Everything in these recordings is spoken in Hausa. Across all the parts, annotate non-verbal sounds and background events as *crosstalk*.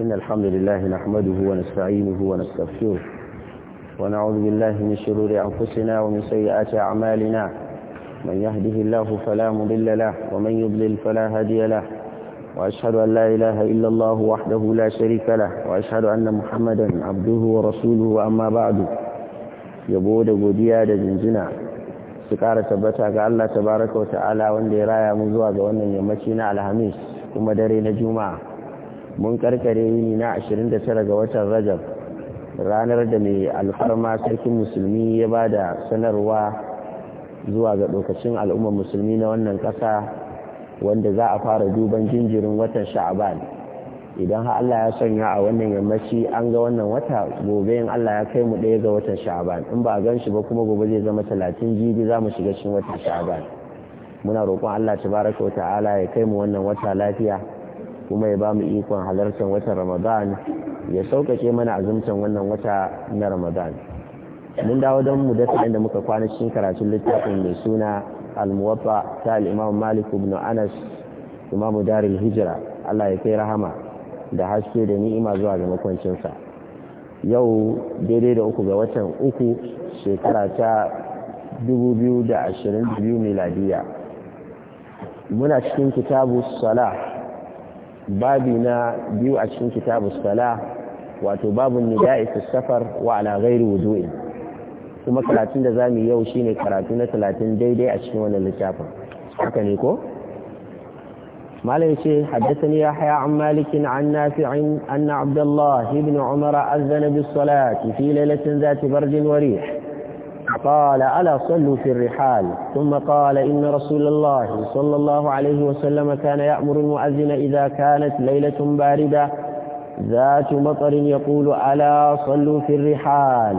إن الحمد لله نحمده ونستعينه ونستغفره ونعوذ بالله من شرور أنفسنا ومن سيئات أعمالنا من يهده الله فلا مضل له ومن يضلل فلا هادي له وأشهد أن لا إله إلا الله وحده لا شريك له وأشهد أن محمدا عبده ورسوله وأما بعد yabo da godiya da jinjina su ƙara tabbata ga Allah tabaraka wa ta'ala wanda ya raya mu zuwa ga wannan yammaci na alhamis kuma dare na juma'a mun karkare yini na 29 ga watan rajab ranar da mai alfarma sarkin musulmi ya ba da sanarwa zuwa ga lokacin al'ummar musulmi na wannan kasa wanda za a fara duban jinjirin watan sha'aban idan ha Allah ya sanya a wannan yammaci an ga wannan wata gobe in Allah ya kai mu ɗaya ga watan sha'aban in ba a gan shi ba kuma gobe zai zama talatin jibi za mu shiga cikin watan sha'aban muna roƙon Allah tabaraka wa ta'ala ya kai mu wannan wata lafiya kuma ya ba mu ikon halartar watan ramadan ya sauƙaƙe mana azumtan wannan wata na ramadan mun dawo don mu dasa inda muka kwana cikin karatun littafin mai suna al ta al-imam malik ibn anas imam darul hijra Allah ya kai rahama da haske da ni'ima zuwa ga makwancinsa yau daidai da uku ga watan uku shekara ta 2022 miladiya muna cikin kitabu salah babi na biyu a cikin kitabu sala wato babun nida'i fi safar wa ala ghairi wudu'in kuma karatun da zamu yau shine karatu na talatin daidai a cikin wannan littafin haka ne ko malam ce haddathani yahya an malik an nafi' anna abdullah ibn umar azana bis salati fi lailatin zati barjin wa rih قال ألا صلوا في الرحال ثم قال إن رسول الله صلى الله عليه وسلم كان يأمر المؤذن إذا كانت ليلة باردة ذات مطر يقول ألا صلوا في الرحال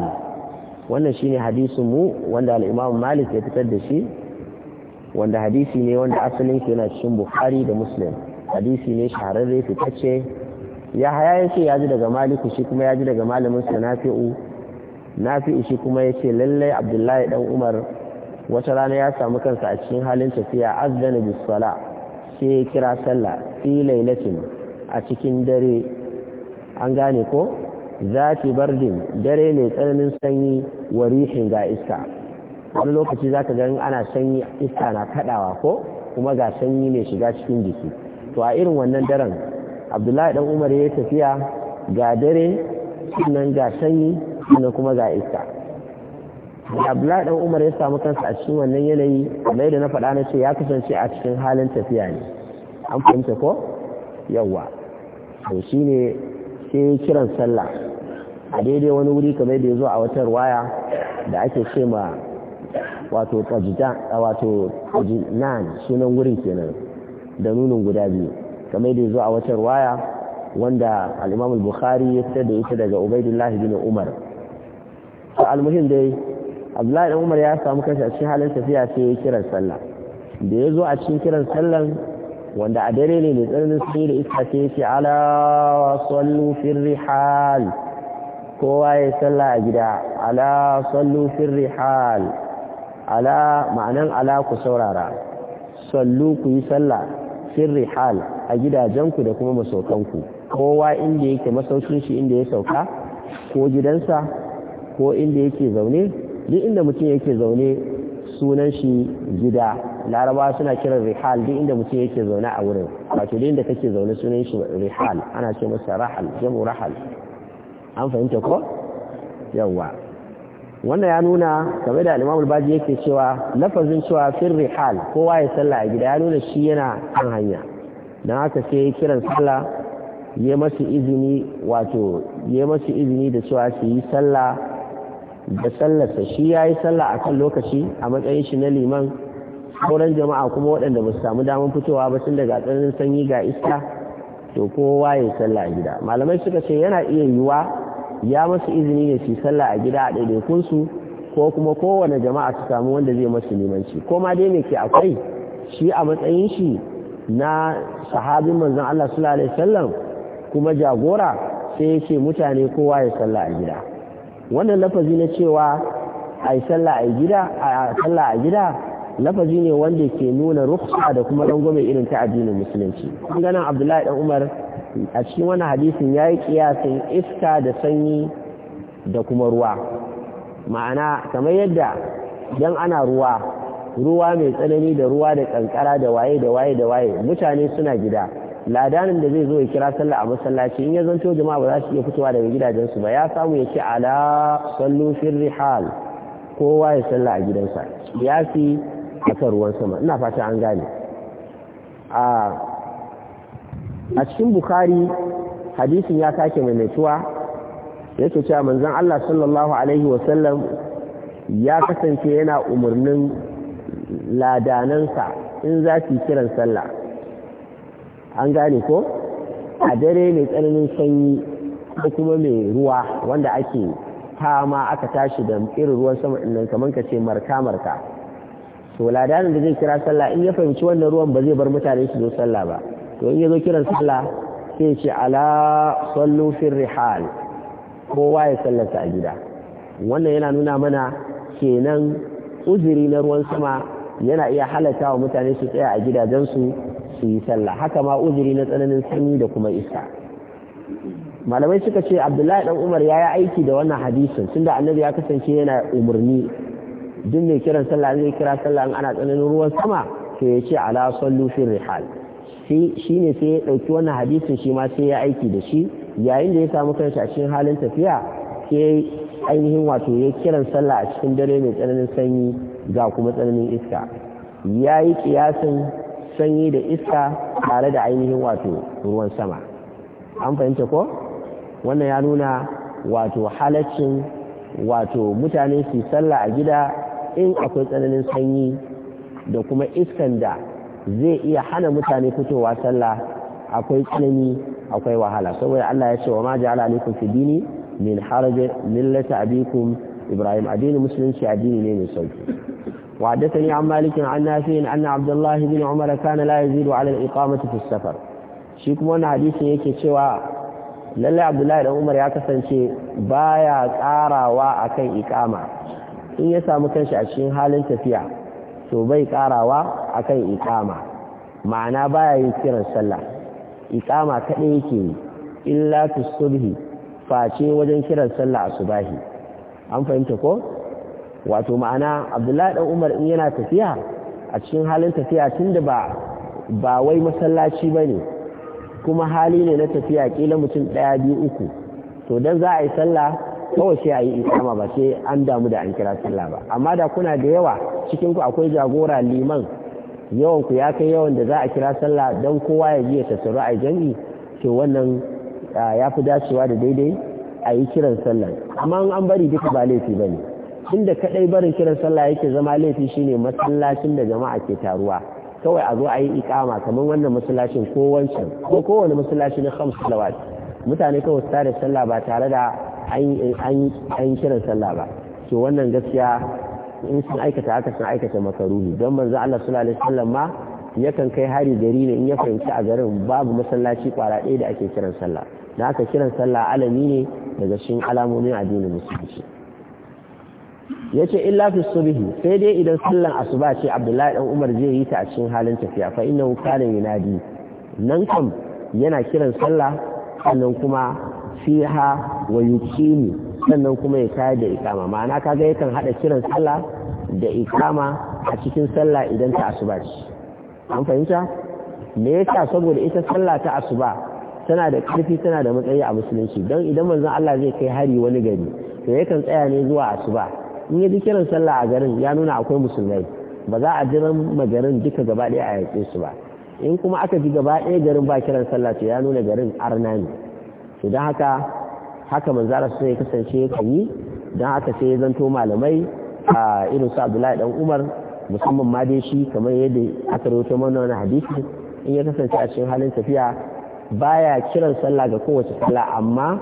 شيني حديث مو وندى الإمام مالك يتكدشي وندى حديثي ني وندى أصلين كنا تشم بخاري دا حديثي ني شهر في تتشي يا حياتي يا جدا جمالك وشيكما يا جدا جمال مسلم نافعه nafi ishi kuma ya ce lallai abdullahi dan umar wata rana ya samu kansa a cikin halin tafiya azdana bis sala sai ya kira sallah fi lailatin a cikin dare an gane ko zati bardin dare mai tsananin sanyi wa rihin ga iska wani lokaci zaka ga ana sanyi iska na kadawa ko kuma ga sanyi mai shiga cikin jiki to a irin wannan daren abdullahi dan umar ya tafiya ga dare sannan ga sanyi ne kuma ga iska abdullahi dan umar ya samu kansa a cikin wannan yanayi kamar da na faɗa na ce ya kasance a cikin halin tafiya ne an fahimta ko yawa to shine sai kiran sallah a daidai wani wuri kamar da ya zo a wata waya da ake ce ma wato wato nan sunan wurin kenan da nunin guda biyu kamar da ya zo a waya wanda al-imam bukhari ya fitar da ita daga ubaidullahi bin umar almuhim dai abdullahi dan umar ya samu kansa a cikin halin tafiya sai ya kiran sallah da ya zo a cikin kiran sallan wanda a dare ne mai tsananin sai da iska sai ya ce ala sallu fil rihal kowa ya sallah a gida ala sallu fil rihal ala ma'anan ala ku saurara sallu ku yi sallah fil rihal a gidajenku da kuma masaukanku kowa inda yake masaukin shi inda ya sauka ko gidansa ko inda yake zaune duk inda mutum yake zaune sunan shi gida laraba suna kiran rihal duk inda mutum yake zaune a wurin wato duk inda kake zaune sunan shi rihal ana ce masa rahal jamu rahal an fahimta ko yawa wannan ya nuna game da al baji yake cewa lafazin cewa fir rihal kowa ya sallah a gida ya nuna shi yana kan hanya don haka sai kiran sallah ya masu izini wato ya masu izini da cewa su yi sallah da sallarsa shi ya yi sallah a kan lokaci a matsayin shi na liman sauran jama'a kuma waɗanda ba su samu damar fitowa ba tun daga tsananin sanyi ga iska to kowa ya yi sallah a gida malamai suka ce yana iya yiwuwa ya masu izini ne su sallah a gida a ɗaiɗaikunsu ko kuma kowane jama'a su samu wanda zai masu limanci ko ma dai me ke akwai shi a matsayin shi na sahabin manzon Allah sallallahu alaihi wasallam kuma jagora sai ya ce mutane kowa ya sallah a gida wannan lafazi na cewa a yi sallah a gida a sallah a gida lafazi ne wanda ke nuna rukhsa da kuma rangwame irin ta addinin musulunci kun gana abdullahi dan umar a cikin wannan hadisin ya yi kiyasin iska da sanyi da kuma ruwa ma'ana kamar yadda idan ana ruwa ruwa mai tsanani da ruwa da kankara da waye da waye da waye mutane suna gida ladanin da zai zo ya kira sallah a masallaci in ya zanto jama'a ba za su iya fitowa daga gidajensu ba ya samu ya ci ala sallu fil rihal kowa ya sallah a gidansa ya fi akan ruwan sama ina fata an gane a cikin bukhari hadisin ya sake mai maimaituwa yake cewa manzon Allah sallallahu alaihi wa sallam ya kasance yana umarnin ladanansa in za su kiran sallah an gane ko a dare mai tsananin sanyi ko kuma mai ruwa wanda ake fama aka tashi da irin ruwan sama nan kamar ka ce marka marka to ladanin da zai kira sallah in ya fahimci wannan ruwan ba zai bar mutane su zo sallah ba to in ya zo kiran sallah sai ya ce ala sallu fil rihal kowa ya sallarsa a gida wannan yana nuna mana kenan uzuri na ruwan sama yana iya halatta wa mutane su tsaya a gidajen su. su yi sallah haka ma uzuri na tsananin sanyi da kuma iska malamai suka ce abdullahi dan umar ya yi aiki da wannan hadisin da annabi ya kasance yana umarni duk mai kiran sallah zai kira sallah in ana tsananin ruwan sama to ya ce ala sallu rihal shi ne sai ya ɗauki wannan hadisin shi ma sai ya aiki da shi yayin da ya samu kan a cikin halin tafiya sai ainihin wato ya kiran sallah a cikin dare mai tsananin sanyi ga kuma tsananin iska ya yi kiyasin sanyi da iska tare da ainihin wato ruwan sama an fahimta ko wannan ya nuna wato halaccin wato mutane su sallah a gida in akwai tsananin sanyi da kuma iskan da zai iya hana mutane fitowa sallah akwai tsanani akwai wahala saboda Allah ya ce wa ma ja'ala alaikum fi dini min harajin millata abikum ibrahim addinin musulunci addini ne mai sauki وحدثني عن مالك عن نافع أن عبد الله بن عمر كان لا يزيد على الإقامة في السفر shi kuma wani hadisin yake cewa lallai abdullahi dan umar ya kasance baya karawa akan ikama in ya samu kanshi a cikin halin tafiya to bai karawa akan ikama ma'ana baya yin kiran sallah ikama kaɗai yake yi illa tusubhi face wajen kiran sallah asubahi an fahimta ko wato ma'ana abdullahi dan umar in yana tafiya a cikin halin tafiya tunda ba ba wai masallaci bane kuma hali ne na tafiya kila mutum ɗaya biyu uku to dan za a yi sallah kawai sai a yi ikama ba sai an damu da an kira sallah ba amma da kuna da yawa cikin ku akwai jagora liman yawan ku ya kai yawan da za a kira sallah dan kowa ya ji ya tattaru a jami'i to wannan ya fi dacewa da daidai a yi kiran sallah amma an bari duka ba laifi bane inda kadai barin kiran sallah yake zama laifi shine masallacin da jama'a ke taruwa kawai a zo a yi ikama kamar wannan masallacin ko wancan ko kowane masallaci na khams salawat mutane kawai su tare sallah ba tare da an kiran sallah ba to wannan gaskiya in sun aikata haka sun aikata makaruhi don manzo Allah sallallahu alaihi wasallam ma yakan kai hari gari ne in ya fahimci a garin babu masallaci kwara ɗaya da ake kiran sallah da aka kiran sallah alami ne daga cikin alamomin addinin musulunci ya ce illa fi subhi sai dai idan sallan asuba ce abdullahi dan umar zai yi ta a cikin halin tafiya fa inna kana yunadi nan kam yana kiran sallah sannan kuma fiha wa yuqimi sannan kuma ya tayar da ikama ma'ana kaga yakan hada kiran sallah da ikama a cikin sallah idan ta asuba ce an fahimta me yasa saboda ita sallah ta asuba tana da ƙarfi tana da matsayi a musulunci don idan manzon Allah zai kai hari wani gari to yakan tsaya ne zuwa asuba in ya ji kiran sallah a garin ya nuna akwai musulmai ba za a jiran magarin duka gaba ɗaya a yaƙe su ba in kuma aka ji gaba ɗaya garin ba kiran sallah to ya nuna garin arna ne to don haka haka manzara su ya kasance kan yi don haka sai ya zanto malamai a irin su abdullahi dan umar musamman ma dai shi kamar yadda aka rawaito mana wani hadisi in ya kasance a cikin halin tafiya baya kiran sallah ga kowace sallah amma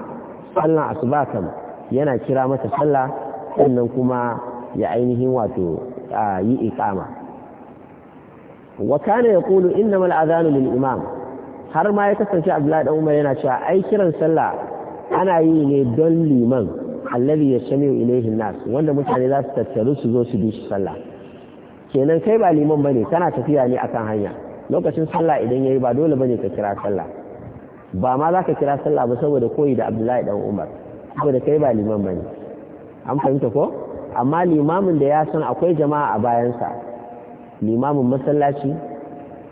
sallan asuba kam yana kira mata sallah sannan kuma ya ainihin wato a yi ikama wa kana kulu inna al-adhanu lil imam har ma ya kasance Abdullahi dan Umar yana cewa ai kiran sallah ana yi ne don liman alladhi yashmiu ilayhi nas wanda mutane za su tattaru su zo su bi shi sallah kenan kai ba liman bane kana tafiya ne akan hanya lokacin sallah idan yayi ba dole bane ka kira sallah ba ma za ka kira sallah ba saboda koyi da Abdullahi dan Umar saboda kai ba liman bane an fahimta ko amma limamin da ya san akwai jama'a a bayansa limamin masallaci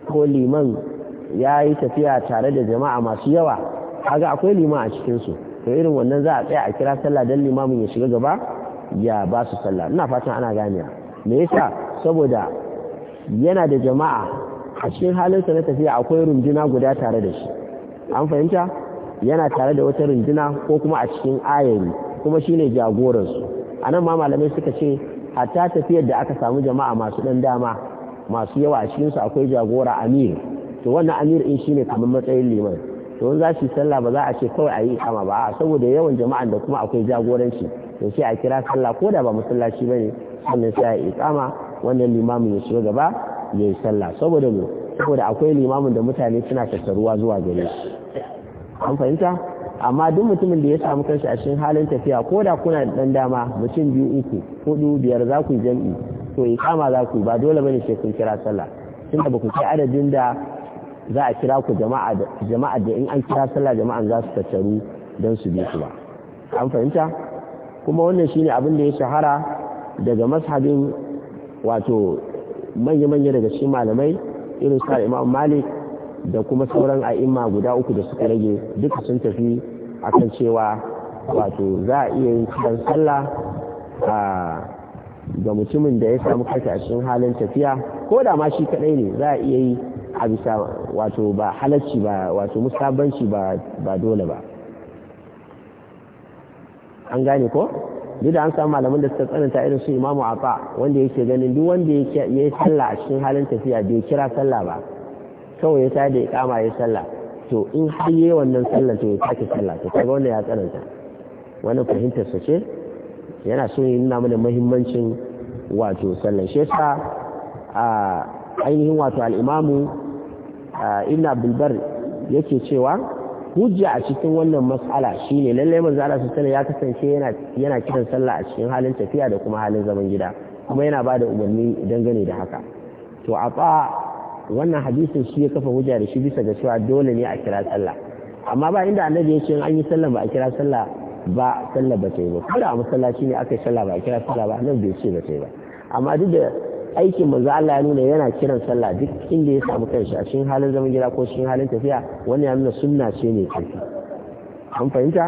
ko liman ya yi tafiya tare da jama'a masu yawa kaga akwai liman a cikinsu to irin wannan za a tsaya a kira sallah don limamin ya shiga gaba ya ba su sallah ina fatan ana ganewa me yasa saboda yana da jama'a a cikin halinsa na tafiya akwai runduna guda tare da shi an fahimta yana tare da wata runduna ko kuma a cikin ayari kuma shine jagoransu a nan ma malamai suka ce hatta tafiyar da aka samu jama'a masu dan dama masu yawa a cikin su akwai jagora amir to wannan amir in shine kamar matsayin liman to in za su sallah ba za a ce kawai ayi kama ikama ba saboda yawan jama'an da kuma akwai jagoranci to sai a kira sallah ko da ba masallaci ba ne sannan sai a yi ikama wannan limamin ya shiga gaba ya yi sallah saboda me saboda akwai limamin da mutane suna tattaruwa zuwa gare shi an fahimta amma duk mutumin da ya samu kansa a cikin halin tafiya ko da kuna da dan dama mutum biyu uku hudu biyar za ku jam'i to iqama za ku ba dole bane sai kun kira sallah tunda da ku kai adadin da za a kira ku jama'a jama'a da in an kira sallah jama'an za su tattaru dan su bi ku ba an fahimta kuma wannan shine abin da ya shahara daga mashabin wato manya-manya daga cikin malamai irin su Imam Malik da kuma sauran a'imma guda uku da suka rage duka sun tafi akan cewa wato za a iya yin kiran sallah ga mutumin da ya samu kashi a cikin halin tafiya ko da ma shi kadai ne za a iya yi a bisa wato ba halacci ba wato musabanci ba ba dole ba an gane ko duk da an samu malamin da suka tsananta irin su imamu afa wanda yake ganin duk wanda ya yi sallah a cikin halin tafiya bai kira sallah ba kawai ya da ya kama ya sallah to in har yi wannan sallah to ya sake sallah to kaga wanda ya tsananta wannan fahimtar sa ce yana so ya nuna mana muhimmancin wato sallah shi yasa a ainihin wato al'imamu imamu ibn abdul yake cewa hujja a cikin wannan mas'ala shine lallai manzo Allah sallallahu ya kasance yana yana kiran sallah a cikin halin tafiya da kuma halin zaman gida kuma yana bada umarni dangane da haka to a wannan hadisin shi ya kafa hujja da shi bisa ga cewa dole ne a kira sallah amma ba inda annabi ya ce an yi sallah ba a kira sallah ba sallah ba ta yi ba ko da a masallaci ne aka yi sallah ba a kira sallah ba annabi bai ce ba ta yi ba amma duk da aikin manzo Allah ya nuna yana kiran sallah duk inda ya samu kanshi a cikin halin zaman gida ko cikin halin tafiya wani ya nuna sunna ce ne tafi an fahimta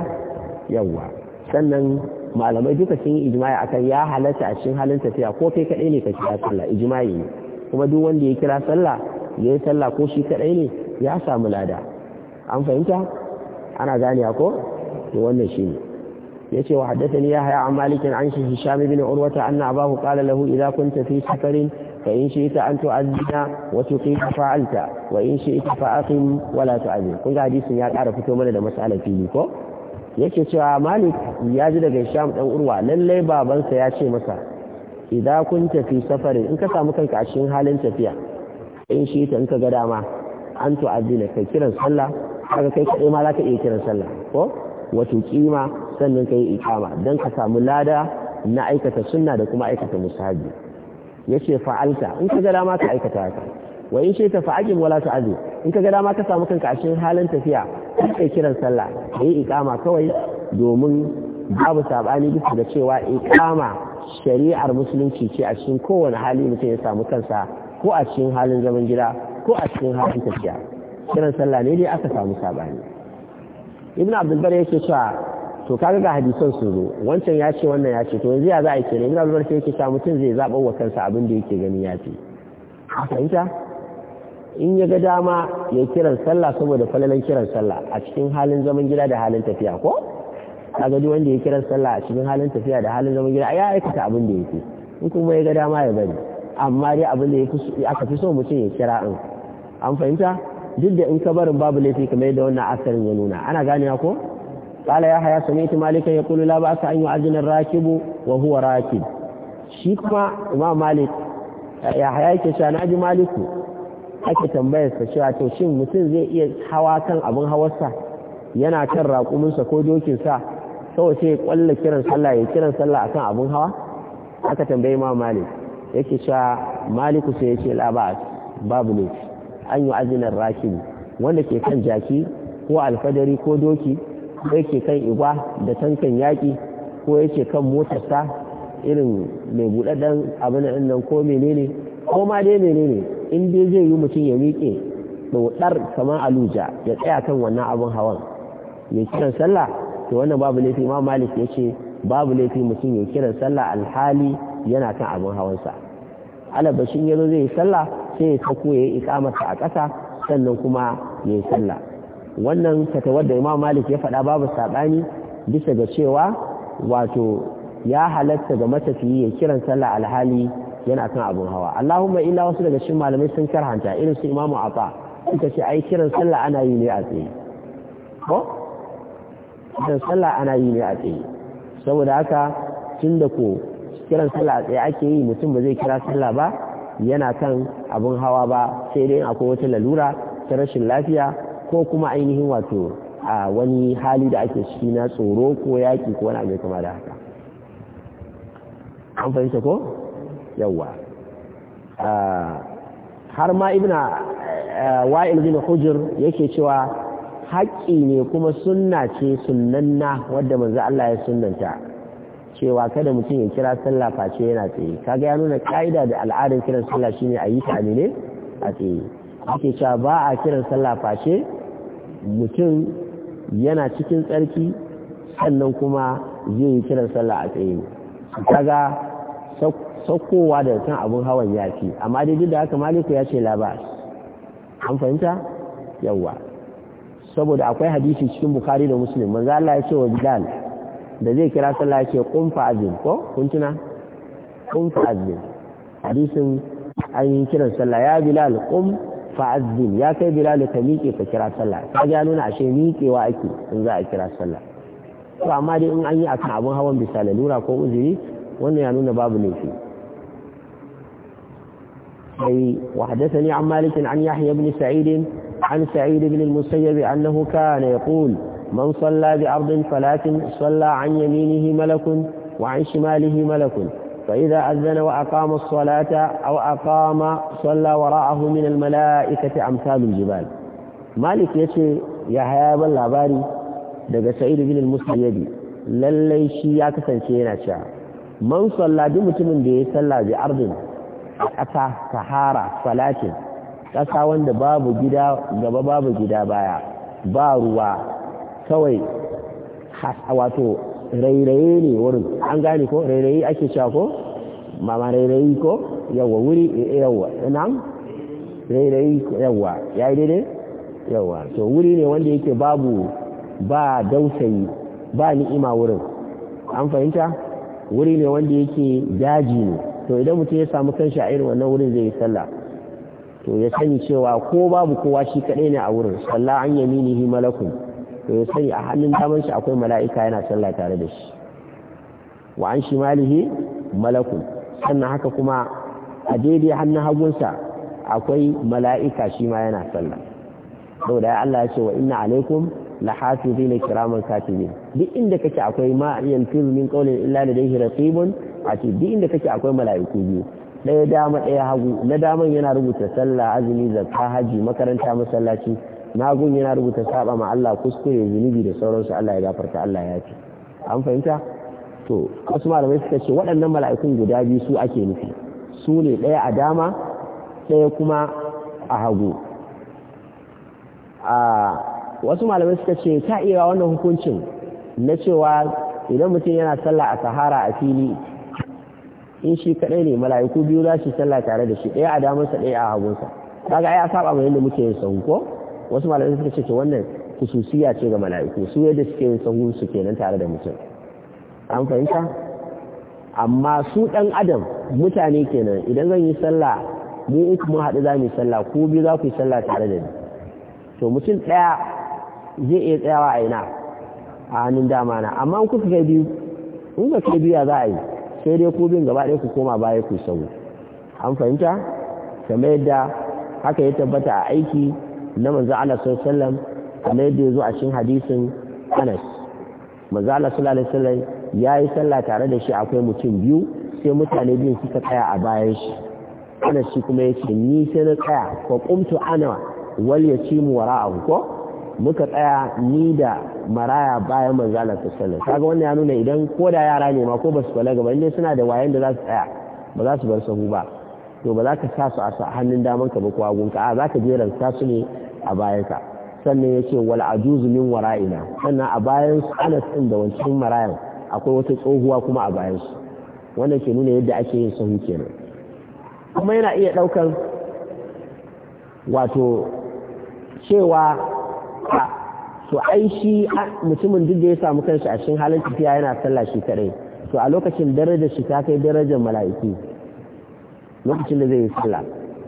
yawa sannan malamai duka sun yi ijma'i akan ya halatta a cikin halin tafiya ko kai kadai ne ka kira sallah ijma'i ne kuma duk wanda ya kira sallah ya yi sallah ko shi kaɗai ne ya samu lada an fahimta ana gane ko to wannan shi ne ya ce wa haddathani ya haya an malikin an shi hisham ibn urwata anna abahu qala lahu idza kunta fi safarin fa in shi shi'ta an azina wa tuqima fa'alta wa in shi shi'ta fa'aqim wa la tu'azzin kun ga hadisin ya kara fito mana da mas'alar fili ko yake cewa malik ya ji daga hisham dan urwa lallai babansa ya ce masa idan kun tafi safarin in ka samu kanka a cikin halin tafiya in shi ta in ka ga dama an to addini kai kiran sallah haka kai kaɗai ma za ka iya kiran sallah ko wato kima sannan ka yi ikama don ka samu lada na aikata sunna da kuma aikata musahabi ya ce fa'alta in ka ga dama ka aikata haka wa in ta fa'ajin wala ta'azi in ka ga dama ka samu kanka a cikin halin tafiya kai kiran sallah ka yi ikama kawai domin babu sabani bisa da cewa ikama shari'ar musulunci ce a cikin kowane hali mutum ya samu kansa ko a cikin halin zaman gida ko a cikin halin tafiya kiran sallah ne dai aka samu sabani ibn abdul bar yake cewa to kaga ga hadisan sun zo wancan ya ce wannan ya ce to yanzu ya za a yi kenan ibn abdul bar yake cewa mutum zai zaɓa wa kansa abin da yake gani ya fi a fahimta in ya ga dama ya kiran sallah saboda falalan kiran sallah a cikin halin zaman gida da halin tafiya ko kaga duk wanda ya kira sallah a cikin halin tafiya da halin zaman gida ya aikata abin da yake in kuma ya ga dama ya bari amma dai abin da aka fi so mutum ya kira in an fahimta duk da in ka barin babu laifi kamar yadda wannan asarin ya nuna ana ganewa ko ya haya يا malikan yaqulu la ba'sa an yu'adhina ar يعزن wa huwa rakib shi kuma imam malik ya haya yake cewa naji maliku ake tambayar sa cewa to shin mutum zai iya hawa kan abin hawarsa yana kan raƙuminsa ko dokin sa. kawai sai ya kwalla kiran sallah ya kiran sallah akan abun hawa aka tambayi ma malik yake cewa maliku sai ya ce labas babu ne an yi ajinar wanda ke kan jaki ko alfadari ko doki ko yake kan igwa da tankan yaki ko yake kan motarsa irin mai buɗaɗɗen abin nan nan ko menene ko ma dai menene in dai zai yi mutum ya miƙe ɗar kamar aluja ya tsaya kan wannan abin hawan ya kiran sallah to wannan babu laifi imam malik ya ce babu laifi mutum ya kiran sallah alhali yana kan abin hawansa alabashin ya zo zai yi sallah sai ya sako ya yi ikamarsa a ƙasa sannan kuma ya yi sallah wannan fatawar da imam malik ya faɗa babu saɓani bisa ga cewa wato ya halatta ga matafiyi ya kiran sallah alhali yana kan abin hawa allahumma illa wasu daga cikin malamai sun karhanta irin su imamu afa suka ce ai kiran sallah ana yi ne a tsaye don sallah ana yi ne a tsaye saboda haka tun da ko kiran sallah a tsaye ake yi mutum ba zai kira sallah ba yana kan abin hawa ba sai dai akwai wata lalura ta rashin lafiya ko kuma ainihin wato a wani hali da ake ciki na tsoro ko yaƙi ko wani abu kama da haka an fahimta ko yawwa har ma ibna wa'il bin hujr yake cewa haƙƙi ne kuma sunna ce sunanna wadda manzo Allah ya sunnanta cewa kada mutum ya kira sallah face yana tsaye kaga ya nuna ka'ida da al'adar kiran sallah shine a yi ta ne a tsaye ake cewa ba a kiran sallah face mutum yana cikin tsarki sannan kuma zai yi kiran sallah a tsaye kaga sakowa da kan abun hawan ya amma dai duk da haka maliku ya ce labas an fahimta yawwa saboda akwai hadisi cikin bukari da muslim manzo Allah ya ce wa bilal da zai kira sallah yake ce qum fa azin ko kun tuna kun fa azin hadisin ainihin kiran sallah ya bilal kun fa azin ya kai bilal ka miƙe ka kira sallah ka ga nuna ashe miƙewa ake in za a kira sallah to amma dai in an yi akan abun hawan bisa lura ko uzuri wannan ya nuna babu laifi أي وحدثني عن مالك عن يحيى بن سعيد عن سعيد بن المسيب أنه كان يقول من صلى بأرض فلا صلى عن يمينه ملك وعن شماله ملك فإذا أذن وأقام الصلاة أو أقام صلى وراءه من الملائكة أمثال الجبال مالك يتي يا هياب العباري دقى سعيد بن المسيب للي شياك كسنشينا شعر من صلى بمتمن به صلى بأرض أتى bi صلاة ƙasa wanda babu gida gaba babu gida baya ba ruwa kawai wato rairaye ne wurin an gane ko rairaye ake cewa ko mama rairaye ko yawa wuri yawa nan rairaye yawa ya yi daidai yawa to wuri ne wanda yake babu ba dausayi ba ni'ima wurin an fahimta wuri ne wanda yake daji ne to idan mutum ya samu kanshi a irin wannan wurin zai yi sallah to ya sani cewa ko babu kowa shi kaɗai ne a wurin sallah an yaminihi malakun to ya sani a hannun daman shi akwai mala'ika yana sallah tare da shi wa an shimalihi malakun sannan haka kuma a daidai hannun hagunsa akwai mala'ika shi ma yana sallah saboda Allah ya ce wa inna alaikum la hafizina kiraman katibin duk inda kake akwai ma yantiru min qawlin illa ladayhi raqibun a ce duk inda kake akwai mala'iku biyu ɗaya dama ɗaya hagu na daman yana rubuta sallah azumi zakka haji makaranta masallaci na gun yana rubuta saba ma Allah kuskure zunubi da sauransu Allah ya gafarta Allah ya ce an fahimta to wasu malamai suka ce waɗannan mala'ikun guda biyu su ake nufi su ne ɗaya a dama ɗaya kuma a hagu a wasu malamai suka ce ta iya wannan hukuncin na cewa idan mutum yana sallah a sahara a fili in shi kaɗai ne mala'iku biyu za su sallah tare da shi ɗaya a damarsa ɗaya a hagunsa kaga ai a saba mai yadda muke yin sahu ko wasu malamai suka ce wannan kususiya ce ga mala'iku su yadda suke yin sahu su kenan tare da mutum an fahimta amma su ɗan adam mutane kenan idan zan yi sallah mu uku mun haɗu za mu yi sallah ko biyu za ku yi sallah tare da ni to mutum ɗaya zai iya tsayawa a ina a hannun dama na amma in kuka kai biyu in ka kai biyu za a yi sai dai ku bin gaba ɗaya ku koma baya ku sau an fahimta kamar yadda haka ya tabbata a aiki na manzo Allah sallallahu alaihi yadda ya zo a cikin hadisin Anas manzo Allah sallallahu alaihi wasallam yayi sallah tare da shi akwai mutum biyu sai mutane biyu suka tsaya a bayan shi Anas shi kuma yace ni sai na tsaya ko qumtu ana wal yatimu wara'ahu ko muka tsaya ni da maraya bayan manzala ta sallallahu kaga wannan ya nuna idan ko da yara ne ma ko basu balaga ba indai suna da wayan da za su tsaya ba za su bar sahu ba to ba za ka sa su a hannun daman ka ba ko hagunka a za ka jeran sa su ne a bayan ka sannan yace wal ajuz min wara'ina sannan a bayan su ana tsin da wancan marayan akwai wata tsohuwa kuma a bayan su wannan ke nuna yadda ake yin sahu kenan kuma yana iya daukar wato cewa ka to ai shi mutumin duk da ya samu kansa a cikin halin tafiya yana sallah shi kadai to a lokacin daraja shi ta kai darajar mala'iku lokacin da zai yi sallah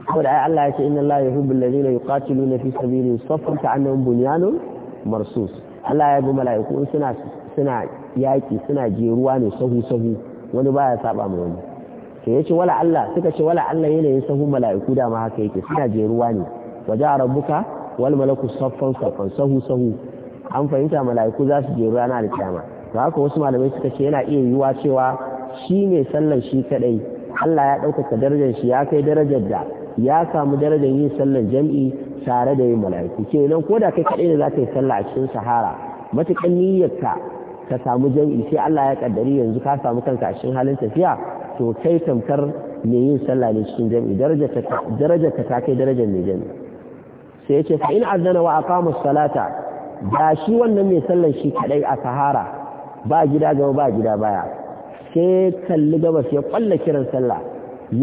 saboda ai Allah ya ce inna Allah yuhibbul ladina yuqatiluna fi sabilihi saffan ka'annahum bunyanun marsus Allah ya bi mala'iku suna suna yaki suna jeruwa ne sahu sahu wani baya saba ma wani to yace wala Allah suka ce wala Allah yanayin sahu mala'iku da ma haka yake suna jeruwa ne waja rabbuka wal malaku saffan saffan sahu sahu an fahimta mala'iku za su je rana da kyama to haka wasu malamai suka ce yana iya yiwuwa cewa shi ne sallan shi kadai Allah ya ɗaukaka darajar shi ya kai darajar da ya samu darajar yin sallan jam'i tare da yin mala'iku kenan ko da kai kadai ne za ka yi sallah a cikin sahara matakan niyyarka ka samu jam'i sai Allah ya kaddari yanzu ka samu kanka a cikin halin tafiya to kai tamkar mai yin sallah ne cikin jam'i darajar ka ta kai darajar mai jam'i sai ya ce fa in azana wa aqama salata da shi wannan mai sallar shi kadai a sahara ba gida gaba ba gida baya sai kalli gabas ya kwalla kiran sallah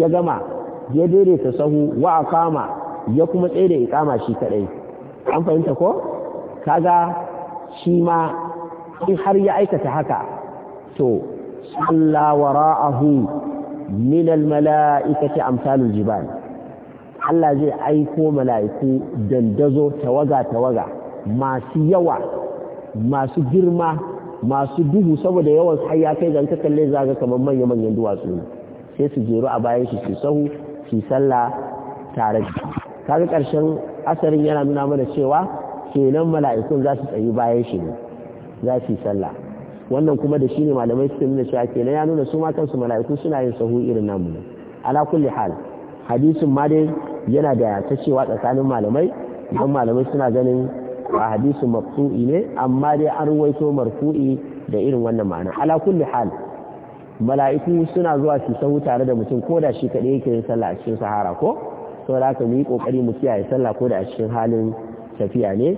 ya gama ya daidaita sahu wa aqama ya kuma tsaye da iqama shi kadai an fahimta ko kaga shi ma in har ya aikata haka to salla wara'ahu min al-mala'ikati amsalul jibal Allah zai aiko mala'iku dandazo tawaga-tawaga masu yawa masu girma masu duhu saboda yawan har ya kai ganka kalle zaga kamar manya-manyan duwatsu ne sai su jeru a bayan shi su sahu su sallah tare kaga ƙarshen asarin yana nuna mana cewa kenan mala'ikun za su tsayi bayan shi ne za su yi wannan kuma da shi ne malamai suke nuna cewa kenan ya nuna su ma kansu mala'iku suna yin sahu irin namu ala kulli hal hadisin ma dai yana da ta cewa tsakanin malamai don malamai suna ganin a hadisin mafsu'i ne amma dai an ruwaito marfu'i da irin wannan ma'ana ala kulli hal mala'iku suna zuwa su sahu tare da mutum ko da shi kaɗai yake yin sallah a cikin sahara ko to da mu yi kokari mu kiyaye sallah ko da a cikin halin tafiya ne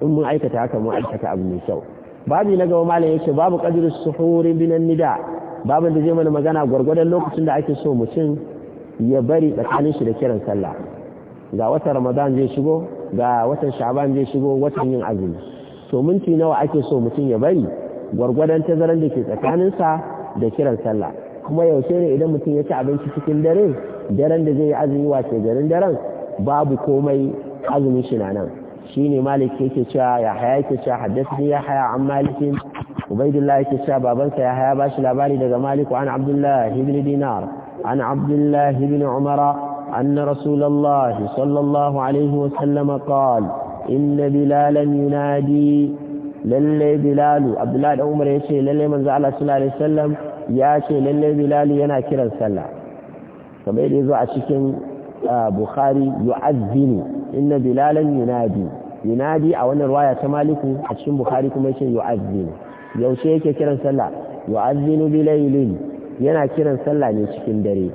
in mun aikata haka mun aikata abu mai kyau babu na gaba malam yake babu qadru suhuri binan nida babu da zai mana magana gwargwadon lokacin da ake so mutum ya bari tsakanin shi da kiran sallah ga watan ramadan zai shigo ga watan sha'ban zai shigo watan yin azumi to minti nawa ake so mutum ya bari gwargwadon tazaran da ke tsakanin sa da kiran sallah kuma yaushe ne idan mutum ya ci abinci cikin dare daren da zai yi azumi wace garin daren babu komai azumin shi na nan shine malik yake cewa ya haya yake cewa haddathni ya haya an malikin ubaidullah yake cewa babansa ya haya bashi labari daga maliku an abdullahi ibn dinar عن عبد الله بن عمر أن رسول الله صلى الله عليه وسلم قال إن بلالا ينادي للي بلال عبد الله بن عمر يشي للي من زعل صلى الله عليه وسلم ياشي للي بلال ينا كرا صلى كما يزوع شكل بخاري يعذن إن بلالا ينادي ينادي أو أن رواية مالك أشم بخاري كما يشي يعذن يوشي كرا صلى يعذن بليل yana kiran sallah ne cikin dare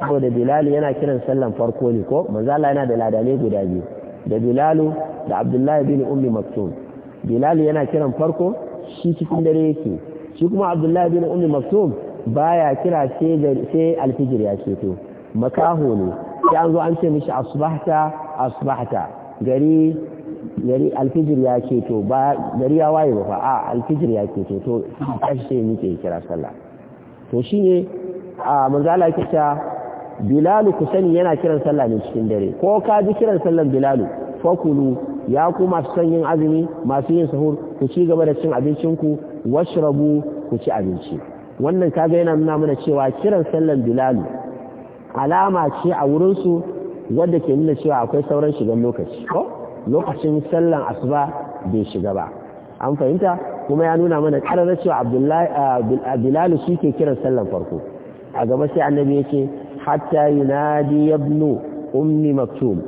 saboda bilal yana kiran sallan farko ne ko manzo Allah yana da ladane guda biyu da bilalu da abdullahi bin ummi maktum bilal yana kiran farko shi cikin dare yake shi kuma abdullahi bin ummi maktum baya kira sai alfijir ya to makaho ne sai an zo an ce mishi asbahta asbahta gari gari alfijir ya to ba gari ya waye ba fa a alfijir ya ce to kashi sai muke kira sallah to shine a manzala Allah Bilalu ku sani yana kiran sallah ne cikin dare ko ka ji kiran sallan Bilalu fakulu ya ku masu son yin azumi masu yin sahur ku ci gaba da cin abincinku washrabu ku ci abinci wannan kaga yana nuna mana cewa kiran sallan Bilalu alama ce a wurinsu wadda ke nuna cewa akwai sauran shigan lokaci ko lokacin sallan asuba bai shiga ba an fahimta kuma ya nuna mana na cewa abdullahi su ke kiran sallan farko a gaba sai annabi ya ce hatta yunadi yabnu ummi maktum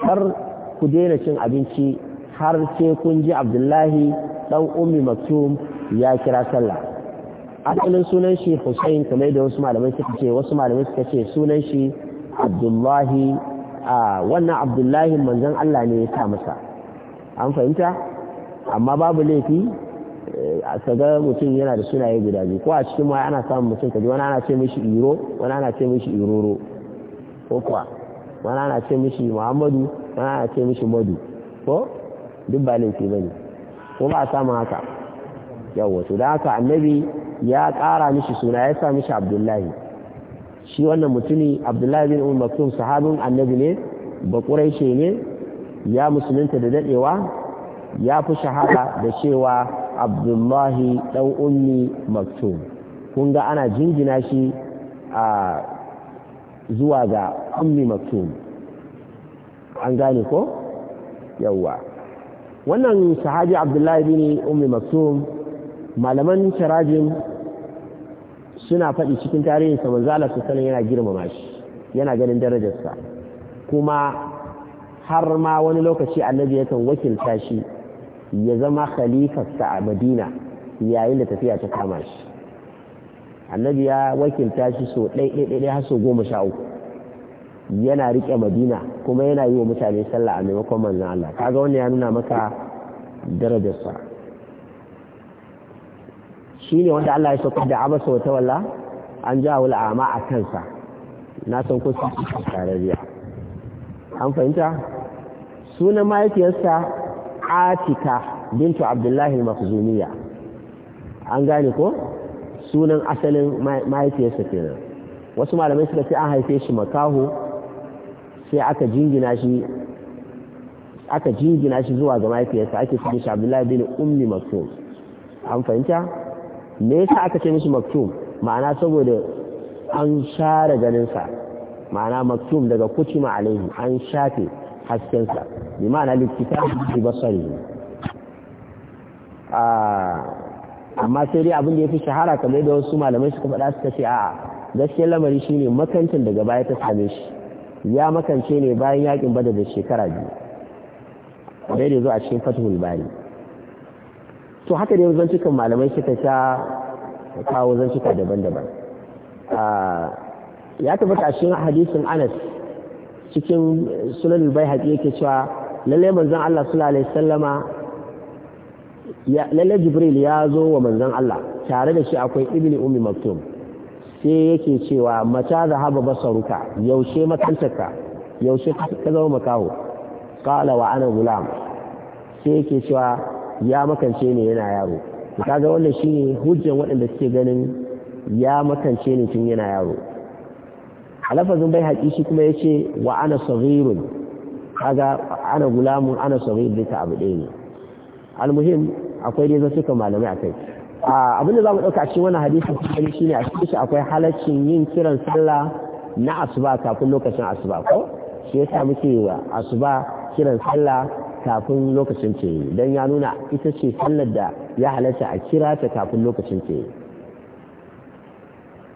har ku daina cin abinci har sai kun ji abdullahi dan ummi maktum ya kira sallah asalin sunan shi Hussein kamar da wasu malamai suka ce wasu malamai suka ce sunan shi Abdullahi a wannan Abdullahi manzon Allah ne ya sa masa an fahimta amma babu laifi eh, a saga mutum yana da sunaye guda biyu ko a cikin ma ana samun mutum kaji wani ana ce mishi iro wani ana ce mishi iroro ko kuwa wani ana ce mishi muhammadu wani ana ce mishi madu ko duk ba laifi ba ne ko ba a samun haka yawa to da haka annabi ya ƙara mishi suna ya sa mishi abdullahi shi wannan mutumi abdullahi bin umar maktum sahabin annabi ne ba ne ya musulunta da dadewa ya fi shahada da cewa abdullahi dan ummi maktum kun ga ana jingina shi a zuwa ga ummi maktum an gane ko yawwa wannan sahadi abdullahi bin ummi maktum malaman sharajin suna faɗi cikin tarihin sa manzo Allah yana girmama shi yana ganin darajarsa kuma har ma wani lokaci annabi yakan wakilta shi ya zama khalifarsa a madina yayin da tafiya ta kama shi annabi ya wakilta shi so ɗaiɗaiɗaiɗai har so goma sha uku yana riƙe madina kuma yana yi wa mutane sallah a maimakon manzan Allah kaga wannan ya nuna maka darajarsa shi ne wanda Allah ya sauka da abasa wata walla an ja wula a a kansa na san ko su tarariya an fahimta sunan mahaifiyarsa atika bintu abdullahi makhzumiyya an gane ko sunan asalin mahaifiyarsa kenan wasu malamai suka ce an haife shi makaho sai aka jingina shi aka jingina shi zuwa ga mahaifiyarsa ake cikin shi abdullahi bin ummi maktum an fahimta me yasa aka ce mishi maktum ma'ana saboda an share ganinsa ma'ana maktum daga kucima alaihi an shafe haskensa bi ma'ana littafin bi basari ah, amma sai dai abin da ya fi shahara kamar da wasu malamai suka faɗa suka ce a'a gaskiyar lamari shine makancin daga baya ta same shi ya makance ne bayan yakin bada da shekara biyu dai da zo a cikin fatihul bari to haka dai zancikan malamai suka sha kawo zancika daban-daban ah, ya tabbata a cikin hadisin anas cikin sunan bai haƙi yake cewa lalle manzon Allah sallallahu alaihi wasallama ya jibril ya zo wa manzon Allah tare da shi akwai ibni ummi maktum sai yake cewa mata zahaba basaruka yaushe makantarka yaushe ka zama makaho kala wa ana gulam sai yake cewa ya makance ne yana yaro kaga wannan shine hujjan waɗanda suke ganin ya makance ne tun yana yaro halafazin bai haƙi shi kuma ya ce wa ana saghirun kaga ana gulamun ana zai duka abu ɗaya ne almuhim akwai dai zasu kan malamai akai abin da mu ɗauka a cikin wannan hadisi ne a cikin shi akwai halaccin yin kiran sallah na asuba kafin lokacin asuba ko shi yasa muke wa asuba kiran sallah kafin lokacin ce dan ya nuna ita ce sallar da ya halatta a kira ta kafin lokacin ce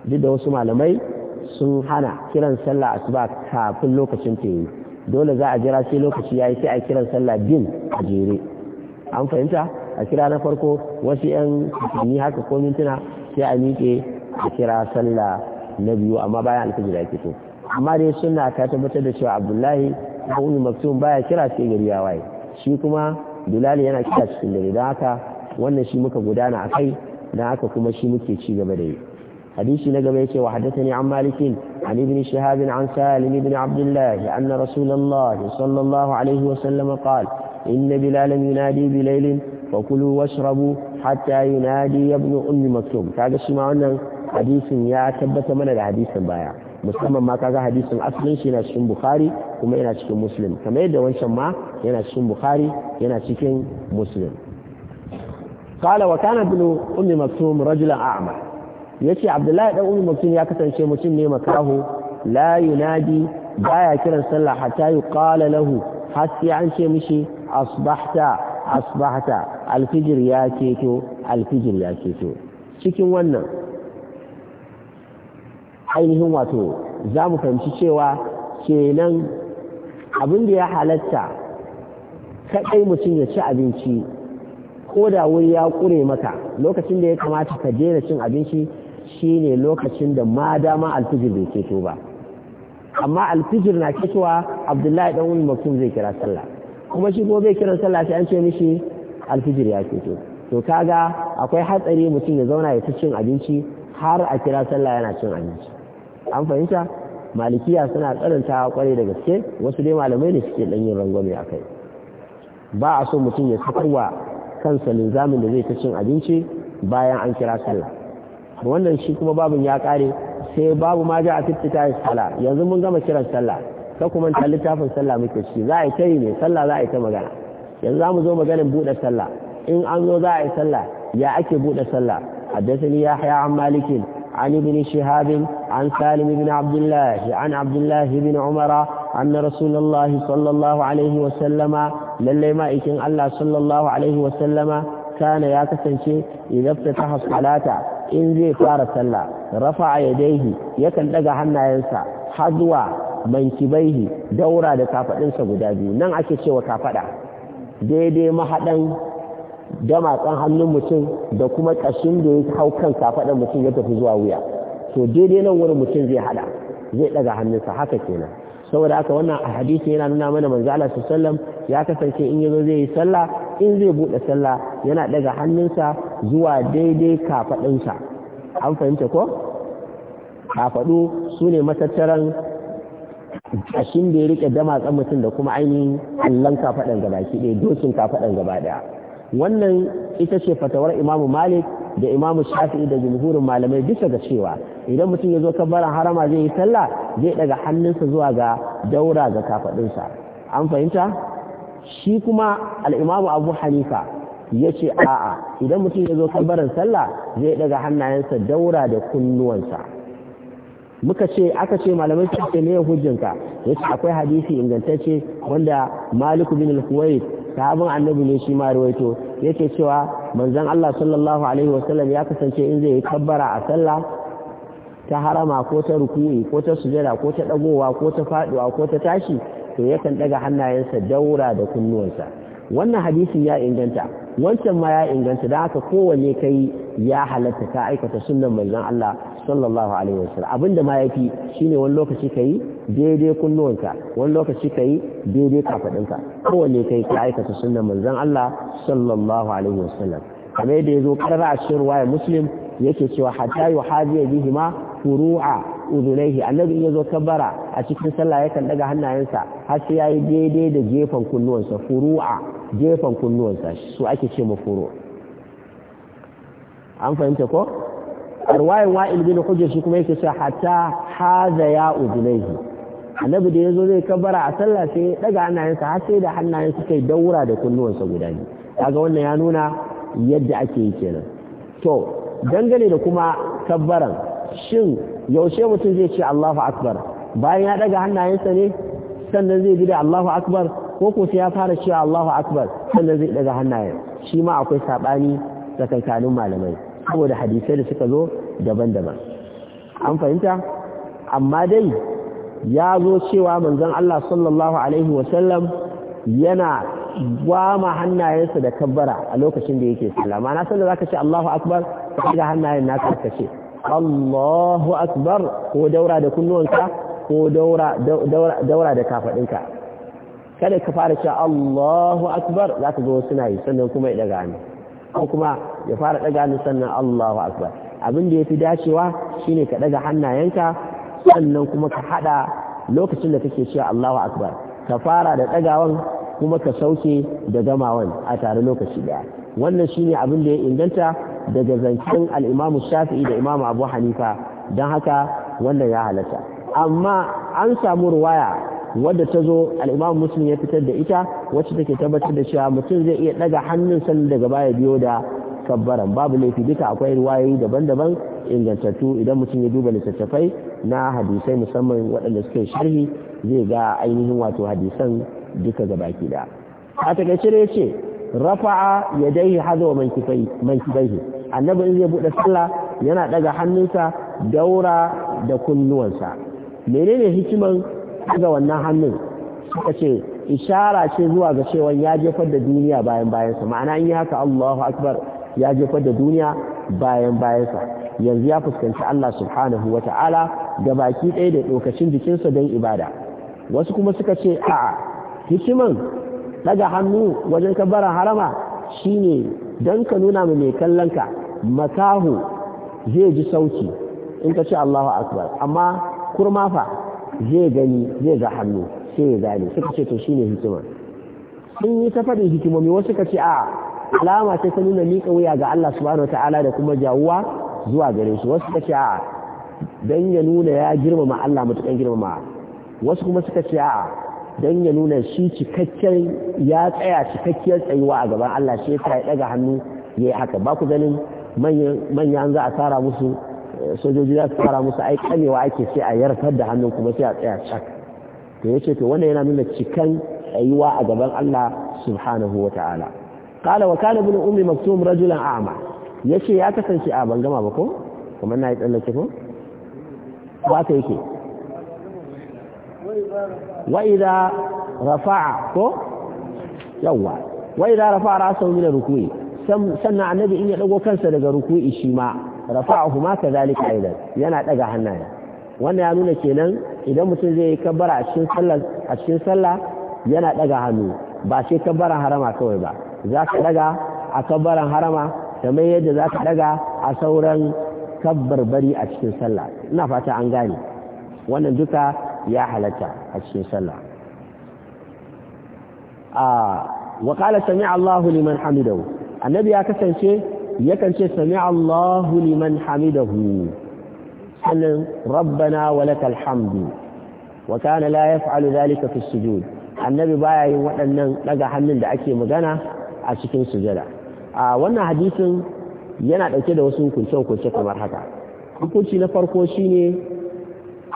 duk da wasu malamai sun hana kiran sallah asuba kafin lokacin ta yi dole za a jira sai lokaci ya yi sai a kiran sallah bin a jere an fahimta a kira na farko wasu yan ni haka ko mintuna sai a miƙe a kira sallah na biyu amma bayan alfajir ya fito amma dai suna ta tabbatar da cewa abdullahi ibn maktum baya kira sai gari ya waye shi kuma Dulali yana kira cikin dare don haka wannan shi muka gudana a kai? don haka kuma shi muke ci gaba da yi حديث لقبيك وحدثني عن مالك عن ابن شهاب عن سالم بن عبد الله أن رسول الله صلى الله عليه وسلم قال إن بلالا ينادي بليل فكلوا واشربوا حتى ينادي ابن أم مكتوم كاجا شي ما hadisin ya tabbata mana da hadisin baya musamman ma kaga hadisin asalin shi yana cikin bukhari kuma yana cikin muslim kamar yadda wancan ma yana cikin bukhari yana cikin muslim قال وكان ابن أم مكتوم رجلا أعمى yace abdullahi dan ummu mutum ya kasance mutum ne makahu la yunadi baya kiran sallah hatta yuqala lahu har sai an ce mishi asbahta asbahta alfijir ya to alfijir ya to cikin wannan ainihin wato za mu fahimci cewa kenan abin da ya halatta kaɗai mutum ya ci abinci ko da wuri ya ƙure maka lokacin da ya kamata ka daina cin abinci Shi ne lokacin da ma dama alfijir bai keto ba amma alfijir na kitowa abdullahi dan wani maktum zai kira sallah kuma shi ko bai kira sallah sai an ce mishi alfijir ya keto to kaga akwai hatsari mutum ya zauna ya ta cin abinci har a kira sallah yana cin abinci an fahimta malikiya suna tsananta kwarai da gaske wasu dai malamai ne suke yin rangwame a kai ba a so mutum ya sakarwa kansa linzamin da zai ta cin abinci bayan an kira sallah da wannan shi kuma babu ya kare sai babu ma ja a tittita ya sala yanzu mun gama kiran sallah ta kuma littafin sallah muke shi za a yi tayi ne sallah za a yi ta magana yanzu za mu zo maganin buɗe sallah in an zo za a yi sallah ya ake buɗe sallah haddathani ya haya malikin an ibn shihab an salim ibn abdullah an abdullah ibn umara an rasulullahi sallallahu alaihi wa sallama lalle ma ikin allah sallallahu alaihi wa sallama kana ya kasance idan ta ta in zai fara sallah rafa yadaihi yakan daga hannayensa hazuwa mankibaihi daura da kafadinsa guda biyu nan ake cewa kafada daidai mahadan damatsan hannun mutum da kuma ƙashin da ya hau kan kafadan mutum ya tafi zuwa wuya to daidai nan wurin mutum zai hada zai daga hannunsa haka kenan saboda haka wannan a hadisi yana nuna mana manzo Allah sallam ya kasance in yazo zai yi sallah in zai bude sallah yana daga hannunsa zuwa daidai kafaɗinsa an fahimta ko kafaɗu su ne matattaran ƙashin da ya riƙe damatsan mutum da kuma ainihin allon kafaɗan gaba ki dokin kafaɗan gaba ɗaya wannan ita ce fatawar imamu malik da imamu shafi'i da jumhurin malamai bisa ga cewa idan mutum ya zo kabbaran harama zai yi sallah zai daga hannunsa zuwa ga daura ga kafaɗinsa an fahimta shi kuma al'imamu abu hanifa ya ce a'a idan mutum ya zo kabarin sallah zai daga hannayensa daura da kunnuwansa muka ce aka ce malamai su ce ne hujjinka ya ce akwai hadisi ingantacce wanda maliku bin al-kuwait sahabin annabi ne shi ma ruwaito ce cewa manzon Allah sallallahu alaihi wasallam ya kasance in zai yi kabbara a sallah ta harama ko ta ruku'i ko ta sujada ko ta dagowa ko ta faduwa ko ta tashi to yakan daga hannayensa daura da kunnuwansa wannan hadisin ya inganta wancan ma ya inganta da haka kowanne kai ya halatta ka aikata sunnan manzon Allah sallallahu alaihi wasallam abinda ma yafi shine wani lokaci kai daidai kunnuwanka wani lokaci kai daidai kafadinka kowanne kai ka aikata sunnan manzon Allah sallallahu alaihi wasallam kamar yadda yazo karara a cikin ruwaya muslim yake cewa hatta yuhazi bihima furu'a udunaihi annabi ya zo kabbara a cikin sallah yakan daga hannayensa har sai yayi daidai da gefen kunnuwansa furu'a gefen kunnuwansa su ake ce ma furu an fahimta ko arwayin wa'il bin hujjar shi kuma yake cewa hatta hadha ya udunaihi annabi da yazo zai kabbara a sallah sai daga hannayensa har sai da hannayensa kai daura da kunnuwansa guda biyu kaga wannan ya nuna yadda ake yi kenan to dangane da kuma kabbaran shin yaushe mutum zai ce Allahu akbar bayan ya daga hannayensa ne sannan zai gida Allahu akbar ko ko sai ya fara cewa Allahu akbar sannan zai daga hannayen shi ma akwai sabani tsakankanin malamai saboda hadisai da suka zo daban-daban an fahimta amma dai ya zo cewa manzon Allah sallallahu alaihi wa sallam yana gwama hannayensa da kabbara a lokacin da yake sallah na sanda zaka ce Allahu akbar ka ga hannayen naka ka ce Allahu akbar ko daura da kunnuwanka ko daura daura da kafadinka kada ka fara cewa Allahu akbar zaka ga na yi sannan kuma ya daga ni ko kuma ya fara daga ni sannan Allahu akbar abin da yafi dacewa shine ka daga hannayenka sannan kuma ka hada lokacin da kake cewa Allahu akbar ka fara da dagawan kuma ka sauke da gamawan a tare lokaci daya wannan shine abin da ya inganta daga zancen al'imamu shafi'i da imamu abu hanifa don haka wannan ya halatta amma an samu ruwaya wadda ta zo al'imamu musulun ya fitar da ita wacce take tabbatar da cewa mutum zai iya ɗaga hannun sannan daga baya biyo da kabbaran babu laifi duka akwai ruwayoyi daban-daban ingantattu idan mutum ya duba littattafai na hadisai musamman waɗanda suke sharhi zai ga ainihin wato hadisan duka baki da a takaice ne ce rafa'a ya dai hazo man kifai annabi in zai buɗe sallah yana ɗaga hannunsa daura da kunnuwansa menene hikiman daga wannan hannun suka ce ishara ce zuwa ga cewa ya jefar da duniya bayan bayansa ma'ana in yi haka Allahu akbar ya jefar da duniya bayan bayansa yanzu ya fuskanci Allah subhanahu wa ta'ala da baki ɗaya da ɗokacin jikinsa don ibada wasu kuma suka ce a'a hikiman daga hannu wajen kabbara harama Shi ne don ka nuna ma mai kallon ka makahu zai ji sauki in ka ce Allahu akbar amma kurma fa zai gani zai ga hannu sai ya gane suka ce to shi ne hikima sun yi ta faɗin hikimomi wasu ka ce a alama ce ta nuna miƙa wuya ga Allah subhanahu ta'ala da kuma jawuwa zuwa gare shi wasu ka ce a dan ya nuna ya girmama Allah matukan girmama wasu kuma suka ce a don ya nuna shi cikakken ya tsaya cikakkiyar tsayuwa a gaban Allah shi ya daga hannu ya yi haka ba ku ganin manyan za a tsara musu sojoji za su tsara musu ai kamewa ake sai a yarfar da hannun kuma sai a tsaya cak to ya ce to wannan yana nuna cikan tsayuwa a gaban Allah subhanahu wa ta'ala qala wa kana ibn ummi maktum rajulan a'ma yace ya kasance a ban gama ba ko kuma na yi tsallake ko ba ta yake wa rafa'a ko yawa wa idza rafa'a ruku'i sannan annabi in ya dago kansa daga ruku'i shima ma rafa'ahu ma kadhalika aidan yana daga hannaye wannan ya nuna kenan idan mutum zai kabbara a cikin sallah yana daga hannu ba sai kabbaran harama kawai ba za ka daga a kabbaran harama kamar yadda za ka daga a sauran kabbarbari a cikin sallah ina fata an gane wannan duka ya halatta a cikin sallah a wa qala Allahu liman hamidahu annabi ya kasance yakan ce sami'a Allahu liman hamidahu sannan rabbana wa lakal hamdu wa kana la yaf'alu dhalika fi sujud annabi baya yin waɗannan ɗaga hannun da ake magana a cikin sujada a wannan hadisin yana ɗauke da wasu hukunce-hukunce kamar haka hukunci na farko shine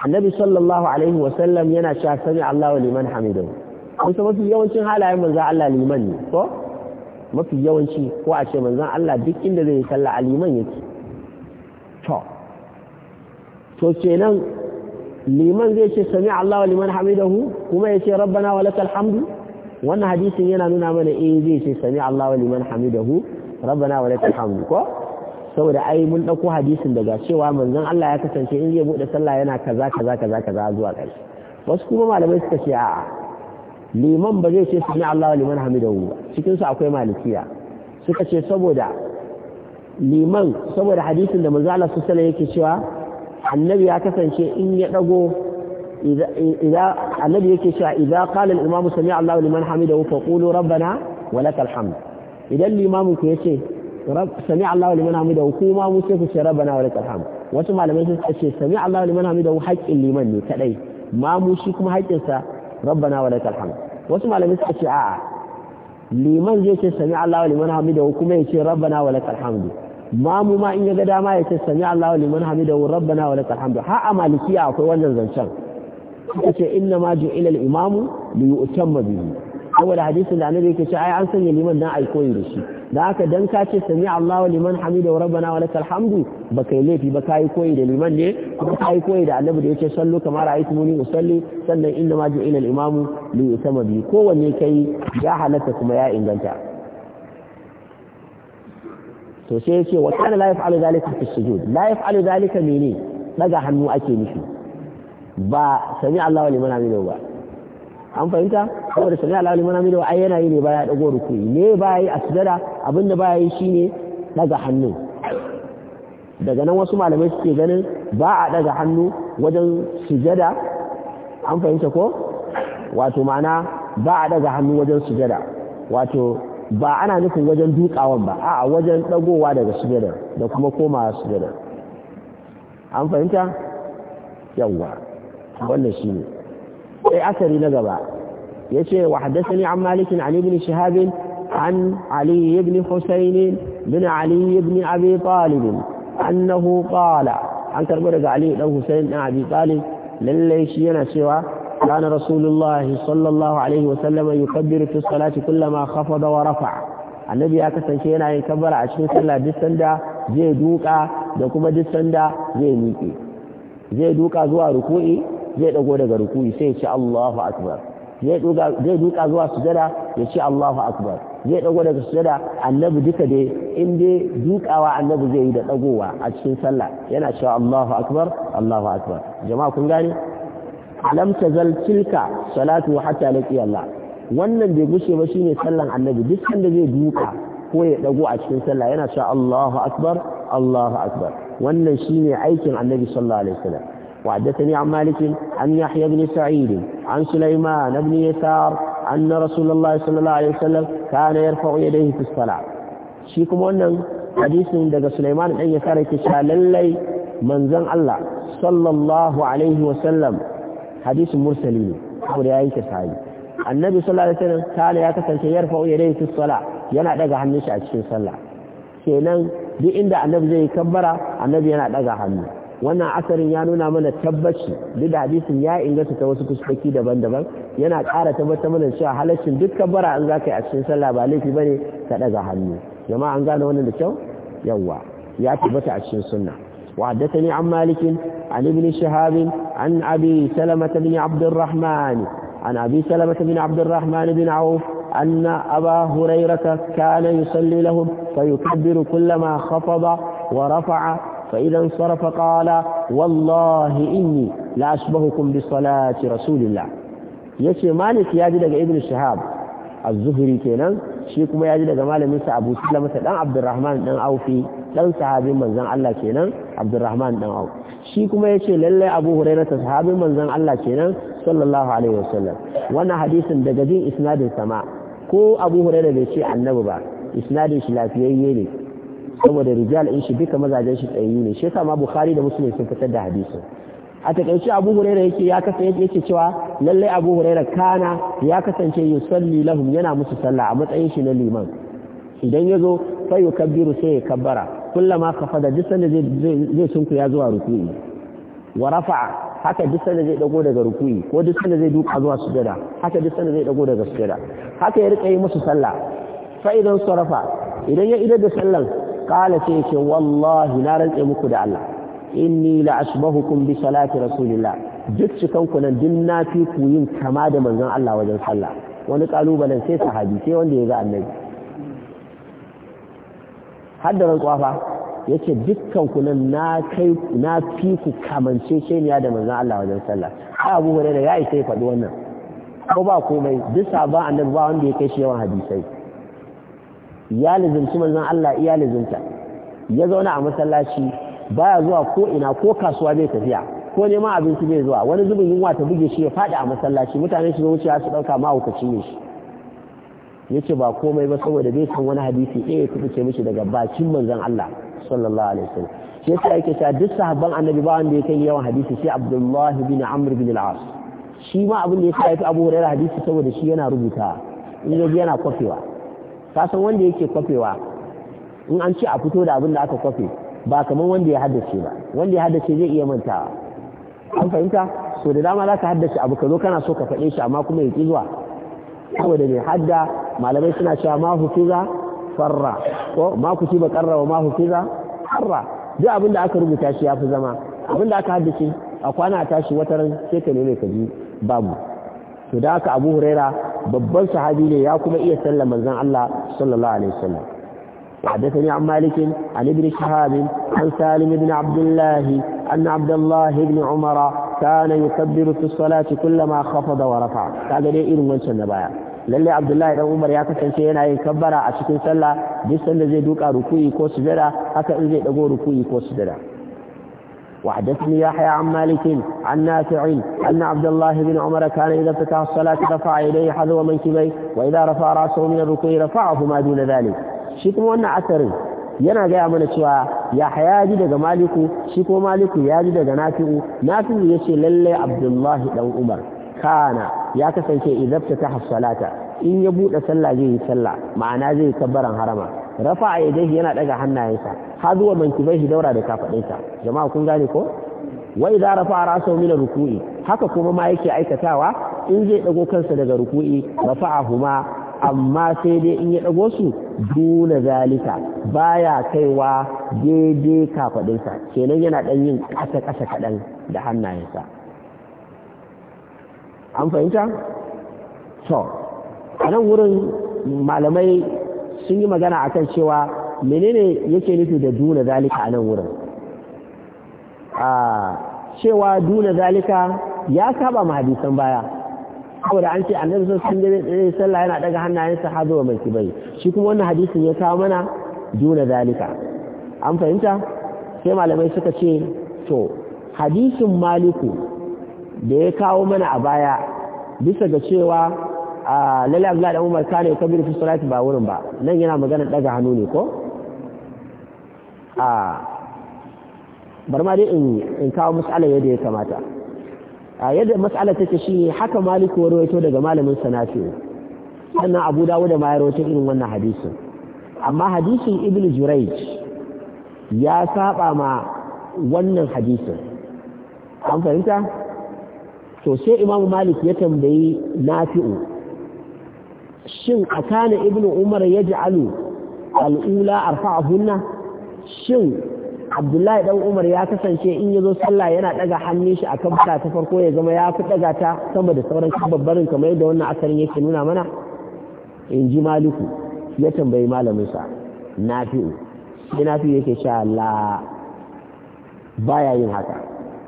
annabi sallallahu alaihi wasallam yana cewa sami Allah wa liman hamidahu kusa mafi yawancin halayen manzo Allah liman ne ko mafi yawanci ko a ce manzo Allah duk inda zai salla a liman yake to to kenan liman zai ce sami Allah wa liman hamidahu kuma ya ce rabbana wa lakal hamdu wannan hadisin yana nuna mana eh zai ce sami Allah wa liman hamidahu rabbana wa lakal hamdu ko saboda ai mun ɗauko hadisin daga cewa manzon Allah ya kasance in zai buɗe sallah yana kaza kaza kaza kaza zuwa ƙarshe wasu kuma malamai suka ce a'a liman ba zai ce sami Allah wa liman hamidahu ba cikin su akwai malikiya suka ce saboda liman saboda hadisin da manzon Allah sallallahu alaihi yake cewa annabi ya kasance in ya dago idza annabi yake cewa idza qala al-imamu sami Allah wa liman hamidahu fa qulu rabbana wa lakal hamd idan limamin ku yace sami Allah wa liman hamidahu kuma mu sai ku ce rabbana wa lakal hamd wasu malamai sun ce sami Allah wa liman hamidahu haƙƙin liman ne kadai ma mu shi kuma haƙƙinsa rabbana wa lakal hamd wasu malamai suka ce a'a liman zai ce sami Allah wa liman hamidahu kuma ya ce rabbana wa lakal hamd ma mu ma in ya ga dama ya ce sami Allah wa liman hamidahu rabbana wa lakal hamd ha a malikiya akwai wannan zancen suka ce inna ma ju'ila al-imamu li yu'tamma bihi saboda hadisin da annabi yake ce ai an sanya liman dan ai koyi da shi da aka dan ka ce sami allah wa liman hamida wa rabbana wa lakal hamdu ba kai laifi ba kai koyi da liman ne kuma kai koyi da annabi da yake sallu kama muni usalli sannan inna ma ju'ila al-imamu li yutama bi kowanne kai ya halatta kuma ya inganta to sai yace wa kana la yaf'alu dhalika fi sujud la yaf'alu dhalika mene daga hannu ake nufi ba sami allah wa liman hamida ba an fahimta saboda sami alawali mana mai ai yana yi ne baya dago rukuni ne baya yi a sujada abinda baya yi shine daga hannu daga nan wasu malamai suke ganin ba a daga hannu wajen sujada an fahimta ko wato ma'ana ba a daga hannu wajen sujada wato ba ana nufin wajen dukawan ba a wajen dagowa daga sujada da kuma komawa sujada an fahimta yawwa wannan shine sai asari na gaba yace wa haddathani an malikin an ibn shihab an ali ibn husayn bin ali ibn abi annahu qala an karbo daga ali dan husayn dan abi talib lalle shi yana cewa kana rasulullahi sallallahu alaihi wa sallama yukabbiru fi salati kullama khafada wa rafa'a annabi ya kasance yana yin kabbara a cikin sallah duk sanda zai duka da kuma disanda zai miƙe zai duka zuwa ruku'i zai dago daga ruku'i sai ya ce Allahu akbar zai duka zuwa sujada ya ce Allahu akbar zai dago daga sujada annabi duka dai in dai dukawa annabi zai yi da dagowa a cikin sallah yana cewa Allahu akbar Allahu akbar jama'a kun gane lam tazal tilka salatu hatta laqiya Allah wannan bai gushe ba shine sallan annabi duk sanda zai duka ko ya dago a cikin sallah yana cewa Allahu akbar Allahu akbar wannan shine aikin annabi sallallahu alaihi wasallam وحدثني عن مالك عن يحيى بن سعيد عن سليمان بن يسار أن رسول الله صلى الله عليه وسلم كان يرفع يديه في الصلاة شيكم أنه حديث من دقى سليمان بن يسار يتشال للي منزن الله صلى الله عليه وسلم حديث مرسلين أو رأيك سعيد النبي صلى الله عليه وسلم كان يكسر يرفع يديه في الصلاة yana daga hannun shi a cikin sallah kenan duk inda annabi zai kabbara annabi yana daga hannu wannan asarin ya nuna mana tabbaci duk da hadisin ya inganta ta wasu fuskoki daban-daban yana ƙara tabbatar mana cewa halaccin duk bara an za ka yi a cikin sallah ba laifi ba ne ka ɗaga hannu jama'a an gane wannan da kyau yawwa ya tabbata a cikin sunna وحدثني عن مالك عن ابن شهاب عن أبي سلمة بن عبد الرحمن عن أبي سلمة بن عبد الرحمن بن عوف أن أبا هريرة كان يصلي لهم فيكبر كلما خفض ورفع فإذا انصرف قال والله إني لأشبهكم بصلاة رسول الله yace Malik ya ji daga Ibn Shihab az-Zuhri kenan shi kuma ya ji daga malamin sa Abu Sulaiman sa dan Abdurrahman dan Aufi dan sahabin manzon Allah kenan Abdurrahman dan Auf shi kuma yace lallai Abu Hurairah ta sahabin manzon Allah kenan sallallahu alaihi wasallam wannan hadisin daga jin isnadin sama ko Abu Hurairah bai ce annabi ba isnadin shi lafiyayye ne saboda rijal in shi duka mazajen shi tsayi ne shi yasa ma bukhari da muslim sun fitar da hadisi a takaice abu huraira yake ya kasance yake cewa lallai abu huraira kana ya kasance yusalli lahum yana musu sallah a matsayin shi na liman idan yazo fa yukabbiru sai ya kabbara kullama kafada duk sanda zai sunku ya zuwa ruku'i wa rafa'a haka duk sanda zai dago daga ruku'i ko duk sanda zai duka zuwa sujada haka duk sanda zai dago daga sujada haka ya rika yi musu sallah fa idan sarafa idan ya idar da sallan qala sai yace wallahi na rantse muku da Allah inni la asbahukum bi salati rasulillah duk cikan ku nan din na fi ku yin kama da manzon Allah wajen sallah wani kalubalen sai sahabi sai wanda ya ga annabi haddaran kwafa yace dukkan ku nan na kai na fi ku kamance ce da manzon Allah wajen sallah ai Abu Hurairah ya isa ya faɗi wannan ko ba komai duk sabon annabi ba wanda ya kai shi yawan hadisai ya lizinci manzon Allah iya lizinta ya zauna a masallaci baya zuwa ko ina ko kasuwa bai tafiya ko neman abinci bai zuwa wani zubin yunwa ta buge shi ya faɗi a masallaci mutane su wucewa su ɗauka mahaukaci ne shi ce ba komai ba saboda bai san wani hadisi ɗaya ya ce mishi daga bakin manzon Allah sallallahu alaihi wasallam shi yasa yake cewa duk sahabban annabi ba wanda ya kai yawan hadisi sai Abdullahi bin Amr bin al-As shi ma abin da ya sa ya fi Abu Hurairah hadisi saboda shi yana rubutawa in yana kwafewa ka san wanda yake kwafewa in an ce a fito da abin da aka kwafe ba kamar wanda ya haddace ba wanda ya haddace zai iya mantawa an fahimta so da dama za ka haddace abu ka zo kana so ka faɗe shi amma kuma ya ƙi zuwa saboda mai hadda malamai suna cewa ma hufiza farra ko ma ci ba wa ma hufiza farra duk abin da aka rubuta shi ya fi zama abin da aka haddace a kwana tashi wataran sai ka nemi ka ji babu to da haka abu huraira babban sahabi ne ya kuma iya sallar manzon Allah sallallahu alaihi wasallam malikin عن مالك عن ابن شهاب عن سالم بن عبد الله أن عبد الله بن عمر كان يكبر في الصلاة كلما خفض ورفع هذا irin wancan وانشان baya. lalle Abdullahi dan Umar ya kasance yana yin kabbara a cikin sallah duk sanda zai duka ruku'i ko sujada haka in zai dago ruku'i ko sujada وحدثني يحيى عن مالك عن نافع أن عبد الله بن عمر كان إذا افتتح الصلاة رفع يديه حذو منكبيه وإذا رفع رأسه من الركوع رفعه ما دون ذلك شكم أن عسر ينا جاء من شوا يا حيا جد جمالكو شكو مالكو يا جد جناتي نافع يشيل لله عبد الله لو عمر كان يا شيء إذا افتتح الصلاة إن يبوء سلا جي سلا معنا جي كبرا هرمه rafa yadda yana daga hannayensa zuwa hazuwa shi daura da kafaɗinsa jama'a kun gane ko za za rafa ra'sahu min ruku'i haka kuma ma yake aikatawa in zai ɗago kansa daga ruku'i rafa huma amma sai dai in ya ɗago su duna zalika baya kaiwa daidai kafaɗinsa kenan yana ɗan yin kasa kasa kadan da hannayensa an fahimta to a nan wurin malamai sun yi magana a kan cewa menene yake nufi da duna zalika a nan wurin a cewa duna zalika ya saba ma hadisan baya saboda an ce annabi sun da sallah yana daga hannayensa har zuwa mai kibai shi kuma wannan hadisin ya kawo mana duna zalika an fahimta sai malamai suka ce to hadisin maliku da ya kawo mana a baya bisa ga cewa a lalle abdullahi da umar kane ya kabiru fi salati ba wurin ba nan yana magana daga hannu ne ko a bar ma dai in kawo matsala yadda ya kamata a yadda ta take shine haka maliku ya rawaito daga malamin sanafi sannan abu dawo da ma ya rawaito irin wannan hadisin amma hadisin ibnu jurayj ya saba ma wannan hadisin an fahimta to sai imamu malik ya tambayi nafi'u shin a kana ibn umar ya ji alu al'ula a abunna? shin abdullahi dan umar ya kasance in ya zo sallah yana ɗaga hannun shi a kan ta farko ya zama ya fi daga ta sama da sauran babbarin kamar yadda wannan asarin yake nuna mana in ji maliku ya tambayi malaminsa Na sai yake sha Allah baya yin haka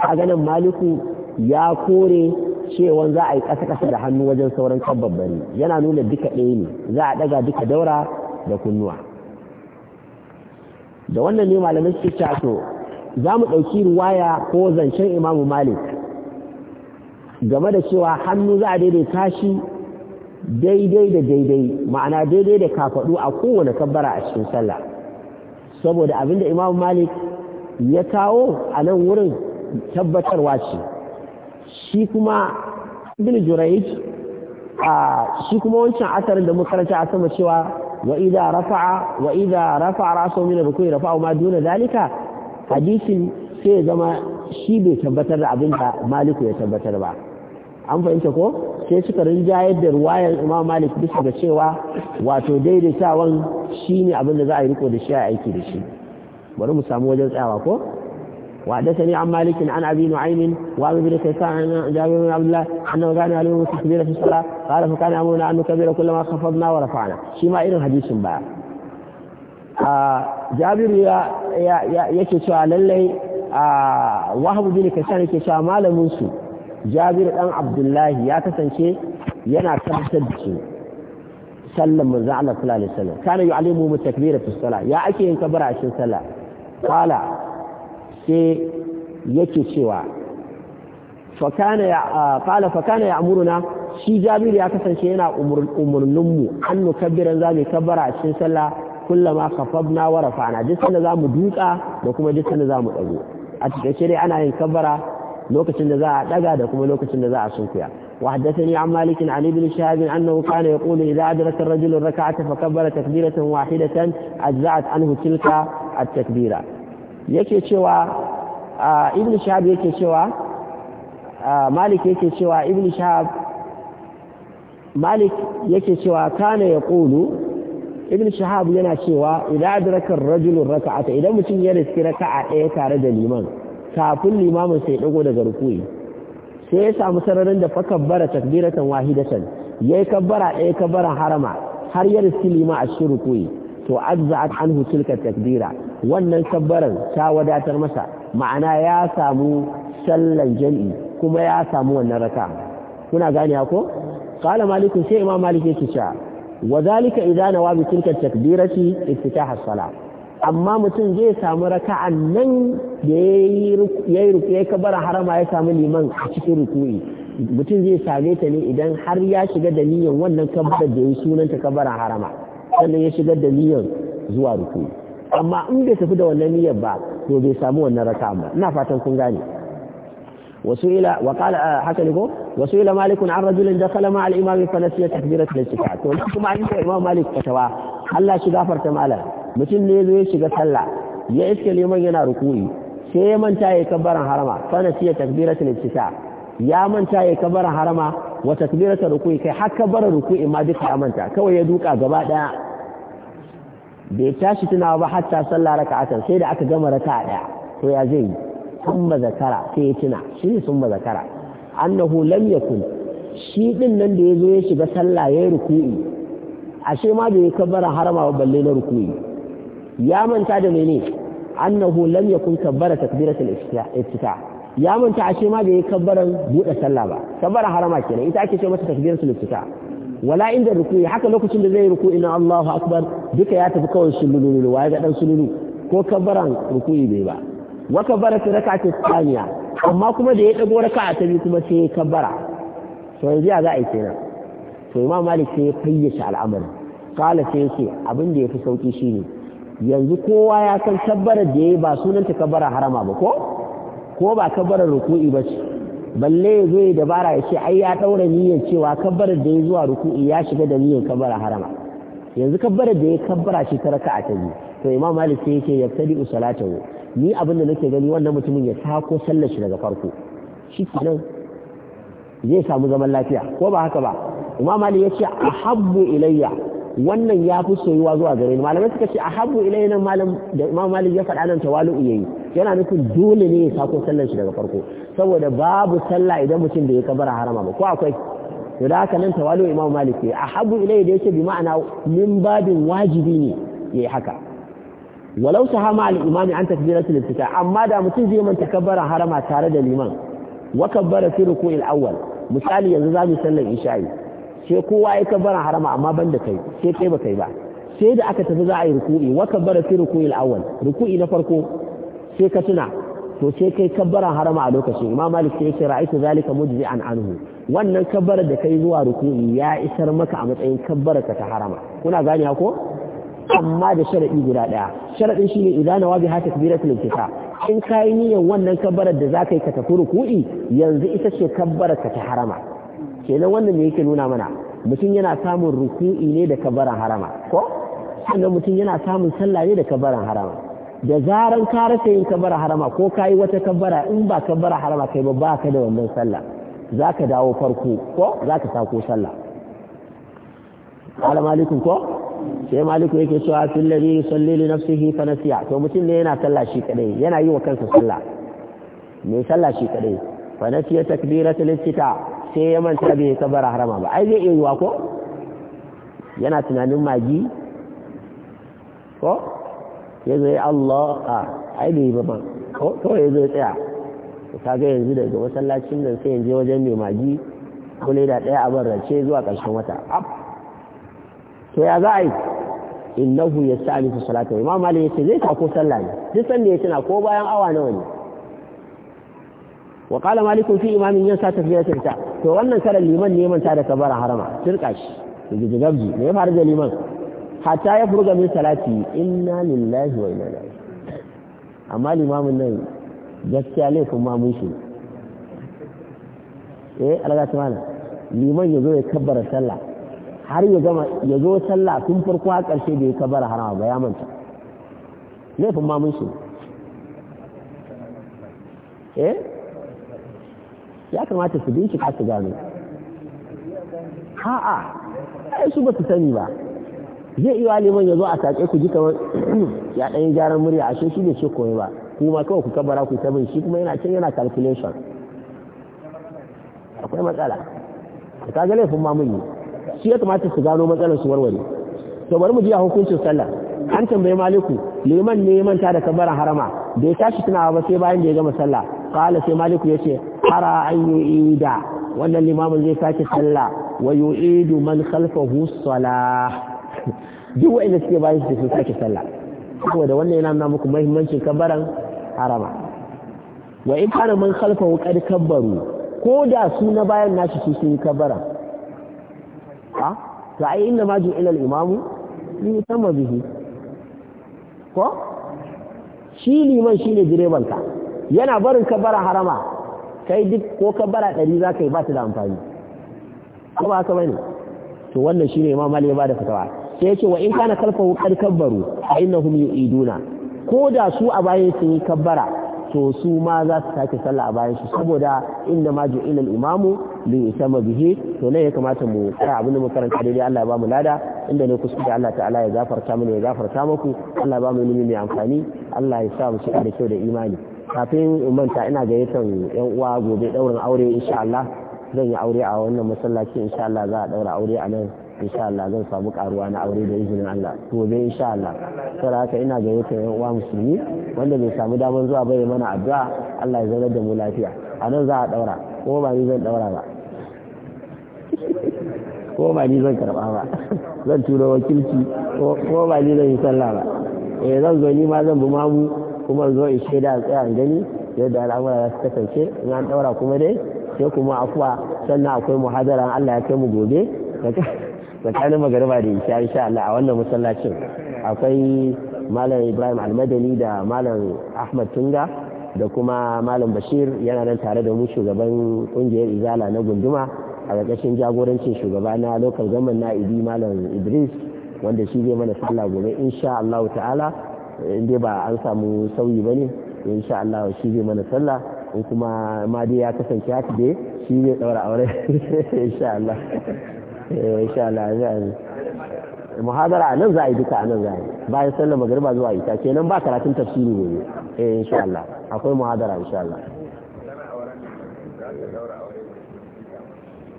a ganin maliku ya kore cewan za a yi ƙasa-ƙasa da hannu wajen sauran kababbari yana nuna duka ɗaya ne za a ɗaga duka daura da kunnuwa da wannan ne malamai suke cewa to za mu ɗauki ruwaya ko zancen imamu malik game da cewa hannu za a daidai shi daidai da daidai ma'ana daidai da kafaɗu a kowane kabbara a cikin sallah saboda abinda imamu malik ya kawo a nan wurin tabbatarwa ce shi kuma ibn jurayj a shi kuma wancan asarin da muka karata a sama cewa wa idza rafa'a wa idza rafa'a ra'sahu min rukui rafa'a ma duna zalika hadisin sai ya zama shi bai tabbatar da abin da maliku ya tabbatar ba an fahimta ko sai suka rinjayar da ruwayar imam malik bisa ga cewa wato daidaitawan shi ne abin da za a yi riko da shi a aiki da shi bari mu samu wajen tsayawa ko وحدثني عن مالك عن ابي نعيم وابي بن كيسان عن جابر بن عبد الله انه كان عليهم تكبير في الصلاه قال فكان امرنا ان نكبر كلما خفضنا ورفعنا شيما ايرن حديث با جابر يا يا yake cewa lallai wahabu bin kaisan yake cewa malamin su jabir dan abdullahi ya kasance yana karantar da su sallan Allah sallallahu alaihi wasallam kana yu'allimu mu takbira fi salat ya ake yin kabara a cikin sai yake cewa fakana ya fakana ya amuruna shi jabiru ya kasance yana umurninmu an nukabbiran za mu kabbara a cikin sallah kullama khafabna wa rafa'na duk sanda za mu duka da kuma duk sanda za mu a cikin dai ana yin kabbara lokacin da za a da kuma lokacin da za a sunkuya وحدثني عن مالك عن ابن شهاب أنه كان يقول إذا أدرك الرجل kabbara takbiratan wahidatan واحدة anhu عنه تلك takbira yake cewa ibn shahab yake cewa malik yake cewa ibn shahab malik yake cewa kana ya kulu ibn shahab yana cewa idan adrakar rajul raka'ata idan mutum ya riski raka'a ɗaya tare da liman kafin limamin sai ɗago daga ruku'i sai ya samu sararin da fakabbara takbiratan wahidatan yayi kabbara ɗaya kabbaran harama har ya riski lima a cikin ruku'i to an anhu tilka takbira wannan sabbaran ta wadatar masa ma'ana ya samu sallan jam'i kuma ya samu wannan raka kuna gane ko kala maliku sai imam malik yake ce wa zalika idza nawa bi tilka takbirati iftitah as-salah amma mutum zai samu raka'an nan da yayi rukuyi kabara harama ya samu liman a cikin rukuyi mutum zai same ta ne idan har ya shiga da niyyar wannan kabbar da yayi sunanta kabar harama sannan ya shiga da niyyar zuwa rukuyi amma in bai tafi da wannan niyyar ba to bai samu wannan raka ba ina fatan kun gane wasu ila wa kala ah, haka ne ko wasu ila malik an da kala ma al imam fa nasiya takbirat al istifat to kuma an ce imam malik tawa Allah shi gafarta malam mutum ne zai shiga sallah ya iske liman yana ruku'i sai ya manta ya kabbaran harama fa nasiya takbirat al istifat ya manta ya kabbaran harama wa takbirat ruku'i kai har kabbaran ruku'i ma duka ya manta kawai ya duka gaba daya bai tashi tunawa ba hatta sallah raka'atan sai da aka gama raka'a daya to ya zai thumma zakara sai ya tuna shi ne thumma zakara annahu lam yakun shi din nan da yazo ya shiga sallah yi ruku'i ashe ma bai kabbara harama ba balle na ruku'i ya manta da mene annahu lam yakun kabbara takbiratul iftita ya manta ashe ma bai kabbaran bude sallah ba kabbara harama kenan ita ake ce mata takbiratul iftita wala inda ruku'i haka lokacin da zai ruku'i na Allahu akbar duka ya tafi kawai sululu ya ga dan sululu ko kabaran ruku'i bai ba wa kabara ta raka ta tsaniya amma kuma da ya dago raka ta bi kuma sai ya kabara to yanzu ya za a yi kenan to imam malik sai ya fayyace al'amarin kala sai yake abin da ya fi sauki shine yanzu kowa ya san kabbarar da ya yi ba sunanta kabbara harama ba ko ko ba kabbarar ruku'i ba ce balle ya zo ya dabara ya ce ai ya ɗaura niyyar cewa kabbarar da ya zuwa ruku'i ya shiga da niyyar kabbara harama yanzu kabbarar da ya kabbara shi ta raka'a ta biyu to imam malik sai yake yabtadi usalatahu ni abin da nake gani wannan mutumin ya tako sallar shi daga farko shi kenan zai samu zaman lafiya ko ba haka ba imam malik ya ce ahabbu ilayya wannan ya fi soyuwa zuwa gare ni malamai suka ce ahabbu ilayya nan malam da imam malik ya faɗa nan tawalu'u yayi yana nufin dole ne ya sako sallar shi daga farko saboda babu sallah idan mutum da ya kabara harama ba ko akwai to da haka nan tawali imam malik ya ahabu ilai da yake bi ma'ana min babin wajibi ne yi haka walau hama al imami an takbiratul iftitah amma da mutum zai manta kabara harama tare da liman wa kabbara fi ruku'il awwal misali yanzu zamu sallar isha'i sai kowa ya kabbara harama amma da kai sai kai ba kai ba sai da aka tafi za a yi ruku'i wa kabbara fi ruku'il awwal ruku'i na farko sai ka tuna to sai kai kabbara harama a lokacin imam malik sai yace ra'aytu zalika mujzi'an anhu wannan kabbara da kai zuwa ruku'i ya isar maka a matsayin kabbara ka ta harama kuna gane ko amma da sharadi guda daya sharadin shine idan nawabi ha kabiratul intifa in kai niyyar wannan kabbarar da zakai ka tafi ruku'i yanzu ita ce kabbarar ka ta harama kenan wannan me yake nuna mana mutum yana samun ruku'i ne da kabbaran harama ko sannan mutum yana samun sallah ne da kabbaran harama da zarar ka rasa yin kabara harama ko ka yi wata kabara in ba kabara harama kai ba ba ka da wannan sallah za ka dawo farko ko za ka sako sallah ala malikun ko sai maliku yake cewa fil ladhi yusalli li nafsihi fa nasiya to mutum ne yana sallah shi kadai yana yi wa kansa sallah me sallah shi kadai fa nasiya takbiratul istita sai ya manta bai kabbara harama ba ai zai iya yiwa ko yana tunanin magi ko ya zai Allah a aini bai ba kawai ya zai tsaya ta ga yanzu daga masallacin nan sai yanzu wajen mai magi ko da ɗaya a barrace zuwa ƙarshen wata ab to ya za a yi innahu ya sa alifu salata imam malik ya ce zai tako sallah ne duk sanda ya tuna ko bayan awa nawa ne wa kala malikun fi imamin yan sa tafiya ta to wannan karan liman ne manta da kabara harama shirka shi gijigabji ne ya faru da liman hatta ya furga min salati inna lillahi wa inna ilaihi amma limamin nan gaskiya laifin ma mun shi eh ta tsamana liman ya zo ya kabbara sallah har ya gama ya zo sallah tun farko a karshe da ya kabbara harama ba ya manta laifin ma mun shi eh ya kamata su bincika su gano a'a ai su ba su sani ba zai iya liman ya zo a sake ku ji kamar *clears throat* ya ɗan yi gyaran murya a shi ne ce koyi ba kuma kawai ku kabara ku ta shi kuma yana can yana calculation akwai matsala da ka ga laifin ma shi ya kamata su gano matsalar su warware to bari mu ji a hukuncin sallah an tambayi maliku liman ne manta da kabaran harama bai tashi tunawa ba sai bayan da ya gama sallah kala sai maliku yace ara an yu'ida wannan limamin zai sake sallah wa yu'idu man khalfahu salah duk wa'inda suke bayan su sun sake sallah saboda wannan yana nuna muku muhimmancin kabbaran harama wa in fara man kalfa qad kabbaru ko da su na bayan nashi su sun yi kabbara ha to ai inda ma ju'ila al-imamu li yutamma bihi ko shi liman shine direban ka yana barin kabbara harama kai duk ko kabbara ɗari za ka yi ba ta da amfani ko ba ka bane to wannan shine imam mali ya bada fatawa sai yake wa in kana kalfahu qad kabbaru inna hum yu'iduna ko da su a bayan sun yi kabbara to su ma za su sake sallah a bayan su saboda inda ma ju'ila al-imamu li yusamma bihi to ne ya kamata mu tsaya abin da mu karanta daidai Allah ya ba mu lada inda ne kuskure Allah ta'ala ya gafarta mana ya gafarta muku Allah ya ba mu ilimi mai amfani Allah ya sa mu shiga da kyau da imani kafin in manta ina gayyatar yan uwa gobe daurin aure insha Allah zan yi aure a wannan masallaci insha Allah za a daura aure a nan insha Allah zan samu karuwa na aure da izinin Allah to bai insha Allah saboda haka ina ga yake yan uwa musulmi wanda bai samu damar zuwa bai mana addu'a Allah ya zama da mu lafiya a nan za a daura ko ba ni zan daura ba ko ba ni zan karba ba zan tura wakilci ko ba ni zan yi sallah ba eh zan zo ni ma zan bi mamu kuma zo in shaida a tsaya gani yadda al'amura za su kasance in an daura kuma dai sai kuma afuwa sannan akwai muhadara Allah ya kai mu gobe tsakanin magariba da isha insha Allah a wannan masallacin akwai malam Ibrahim Almadani da malam Ahmad Tunga da kuma malam Bashir yana nan tare da mu shugaban kungiyar Izala na gunduma a ƙarƙashin jagorancin shugaba na local zaman na Idi malam Idris wanda shi zai mana sallah gobe insha Allah ta'ala inda ba an samu sauyi ba ne insha Allah shi zai mana sallah in kuma ma dai ya kasance haka dai shi zai daura aure *laughs* insha Allah Eh, insha Allah za a yi muhadara nan za a yi duka nan za a yi bayan sallar magariba zuwa ita kenan ba karatun tafsiri ne eh insha Allah akwai muhadara insha Allah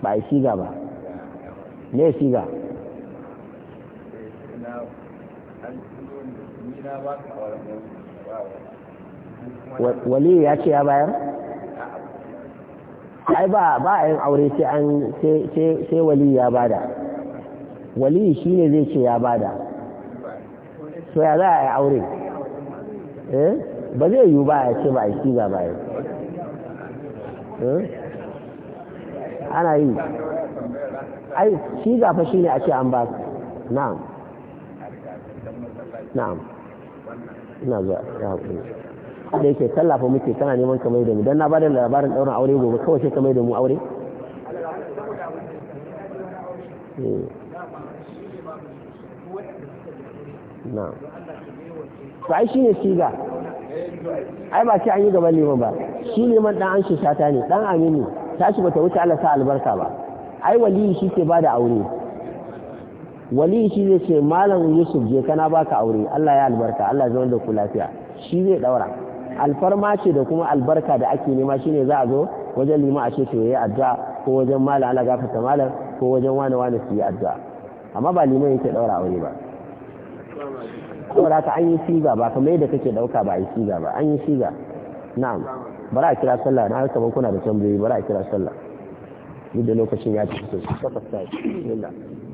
ba a yi siga ba me siga wali ya ce ya bayar ai ba ba a yin aure sai an sai wali ya bada wali shi ne zai ce ya bada so ya za a yi aure eh ba zai yiwu ba ya ce ba a yi ga ba eh ana yi ai ga fa shi ne a ce an ba na'am na'am ina zuwa a haƙuri da yake tallafa muke tana neman kamar da mu dan na ba da labarin daurin aure gobe kawai sai kamar da mu aure eh. na to ai shine siga ai ba sai an yi gaban neman ba shi neman dan an shata ne dan amini tashi bata wuce Allah sa albarka ba ai waliyi shi ke bada aure waliyi shi zai ce malam Yusuf je kana baka aure Allah ya albarka Allah ya zama da ku lafiya shi zai daura alfarma ce da kuma albarka da ake nema shine za a zo wajen lima a ce to yayi addu'a ko wajen malam ala gafarta malam ko wajen wani wani su yi addu'a amma ba liman yake daura aure ba saboda ka an yi siga ba kamar yadda kake dauka ba a yi siga ba an yi siga na'am bara a kira sallah na har kamar kuna da tambayoyi bara a kira sallah duk da lokacin ya ci sosai takwas ta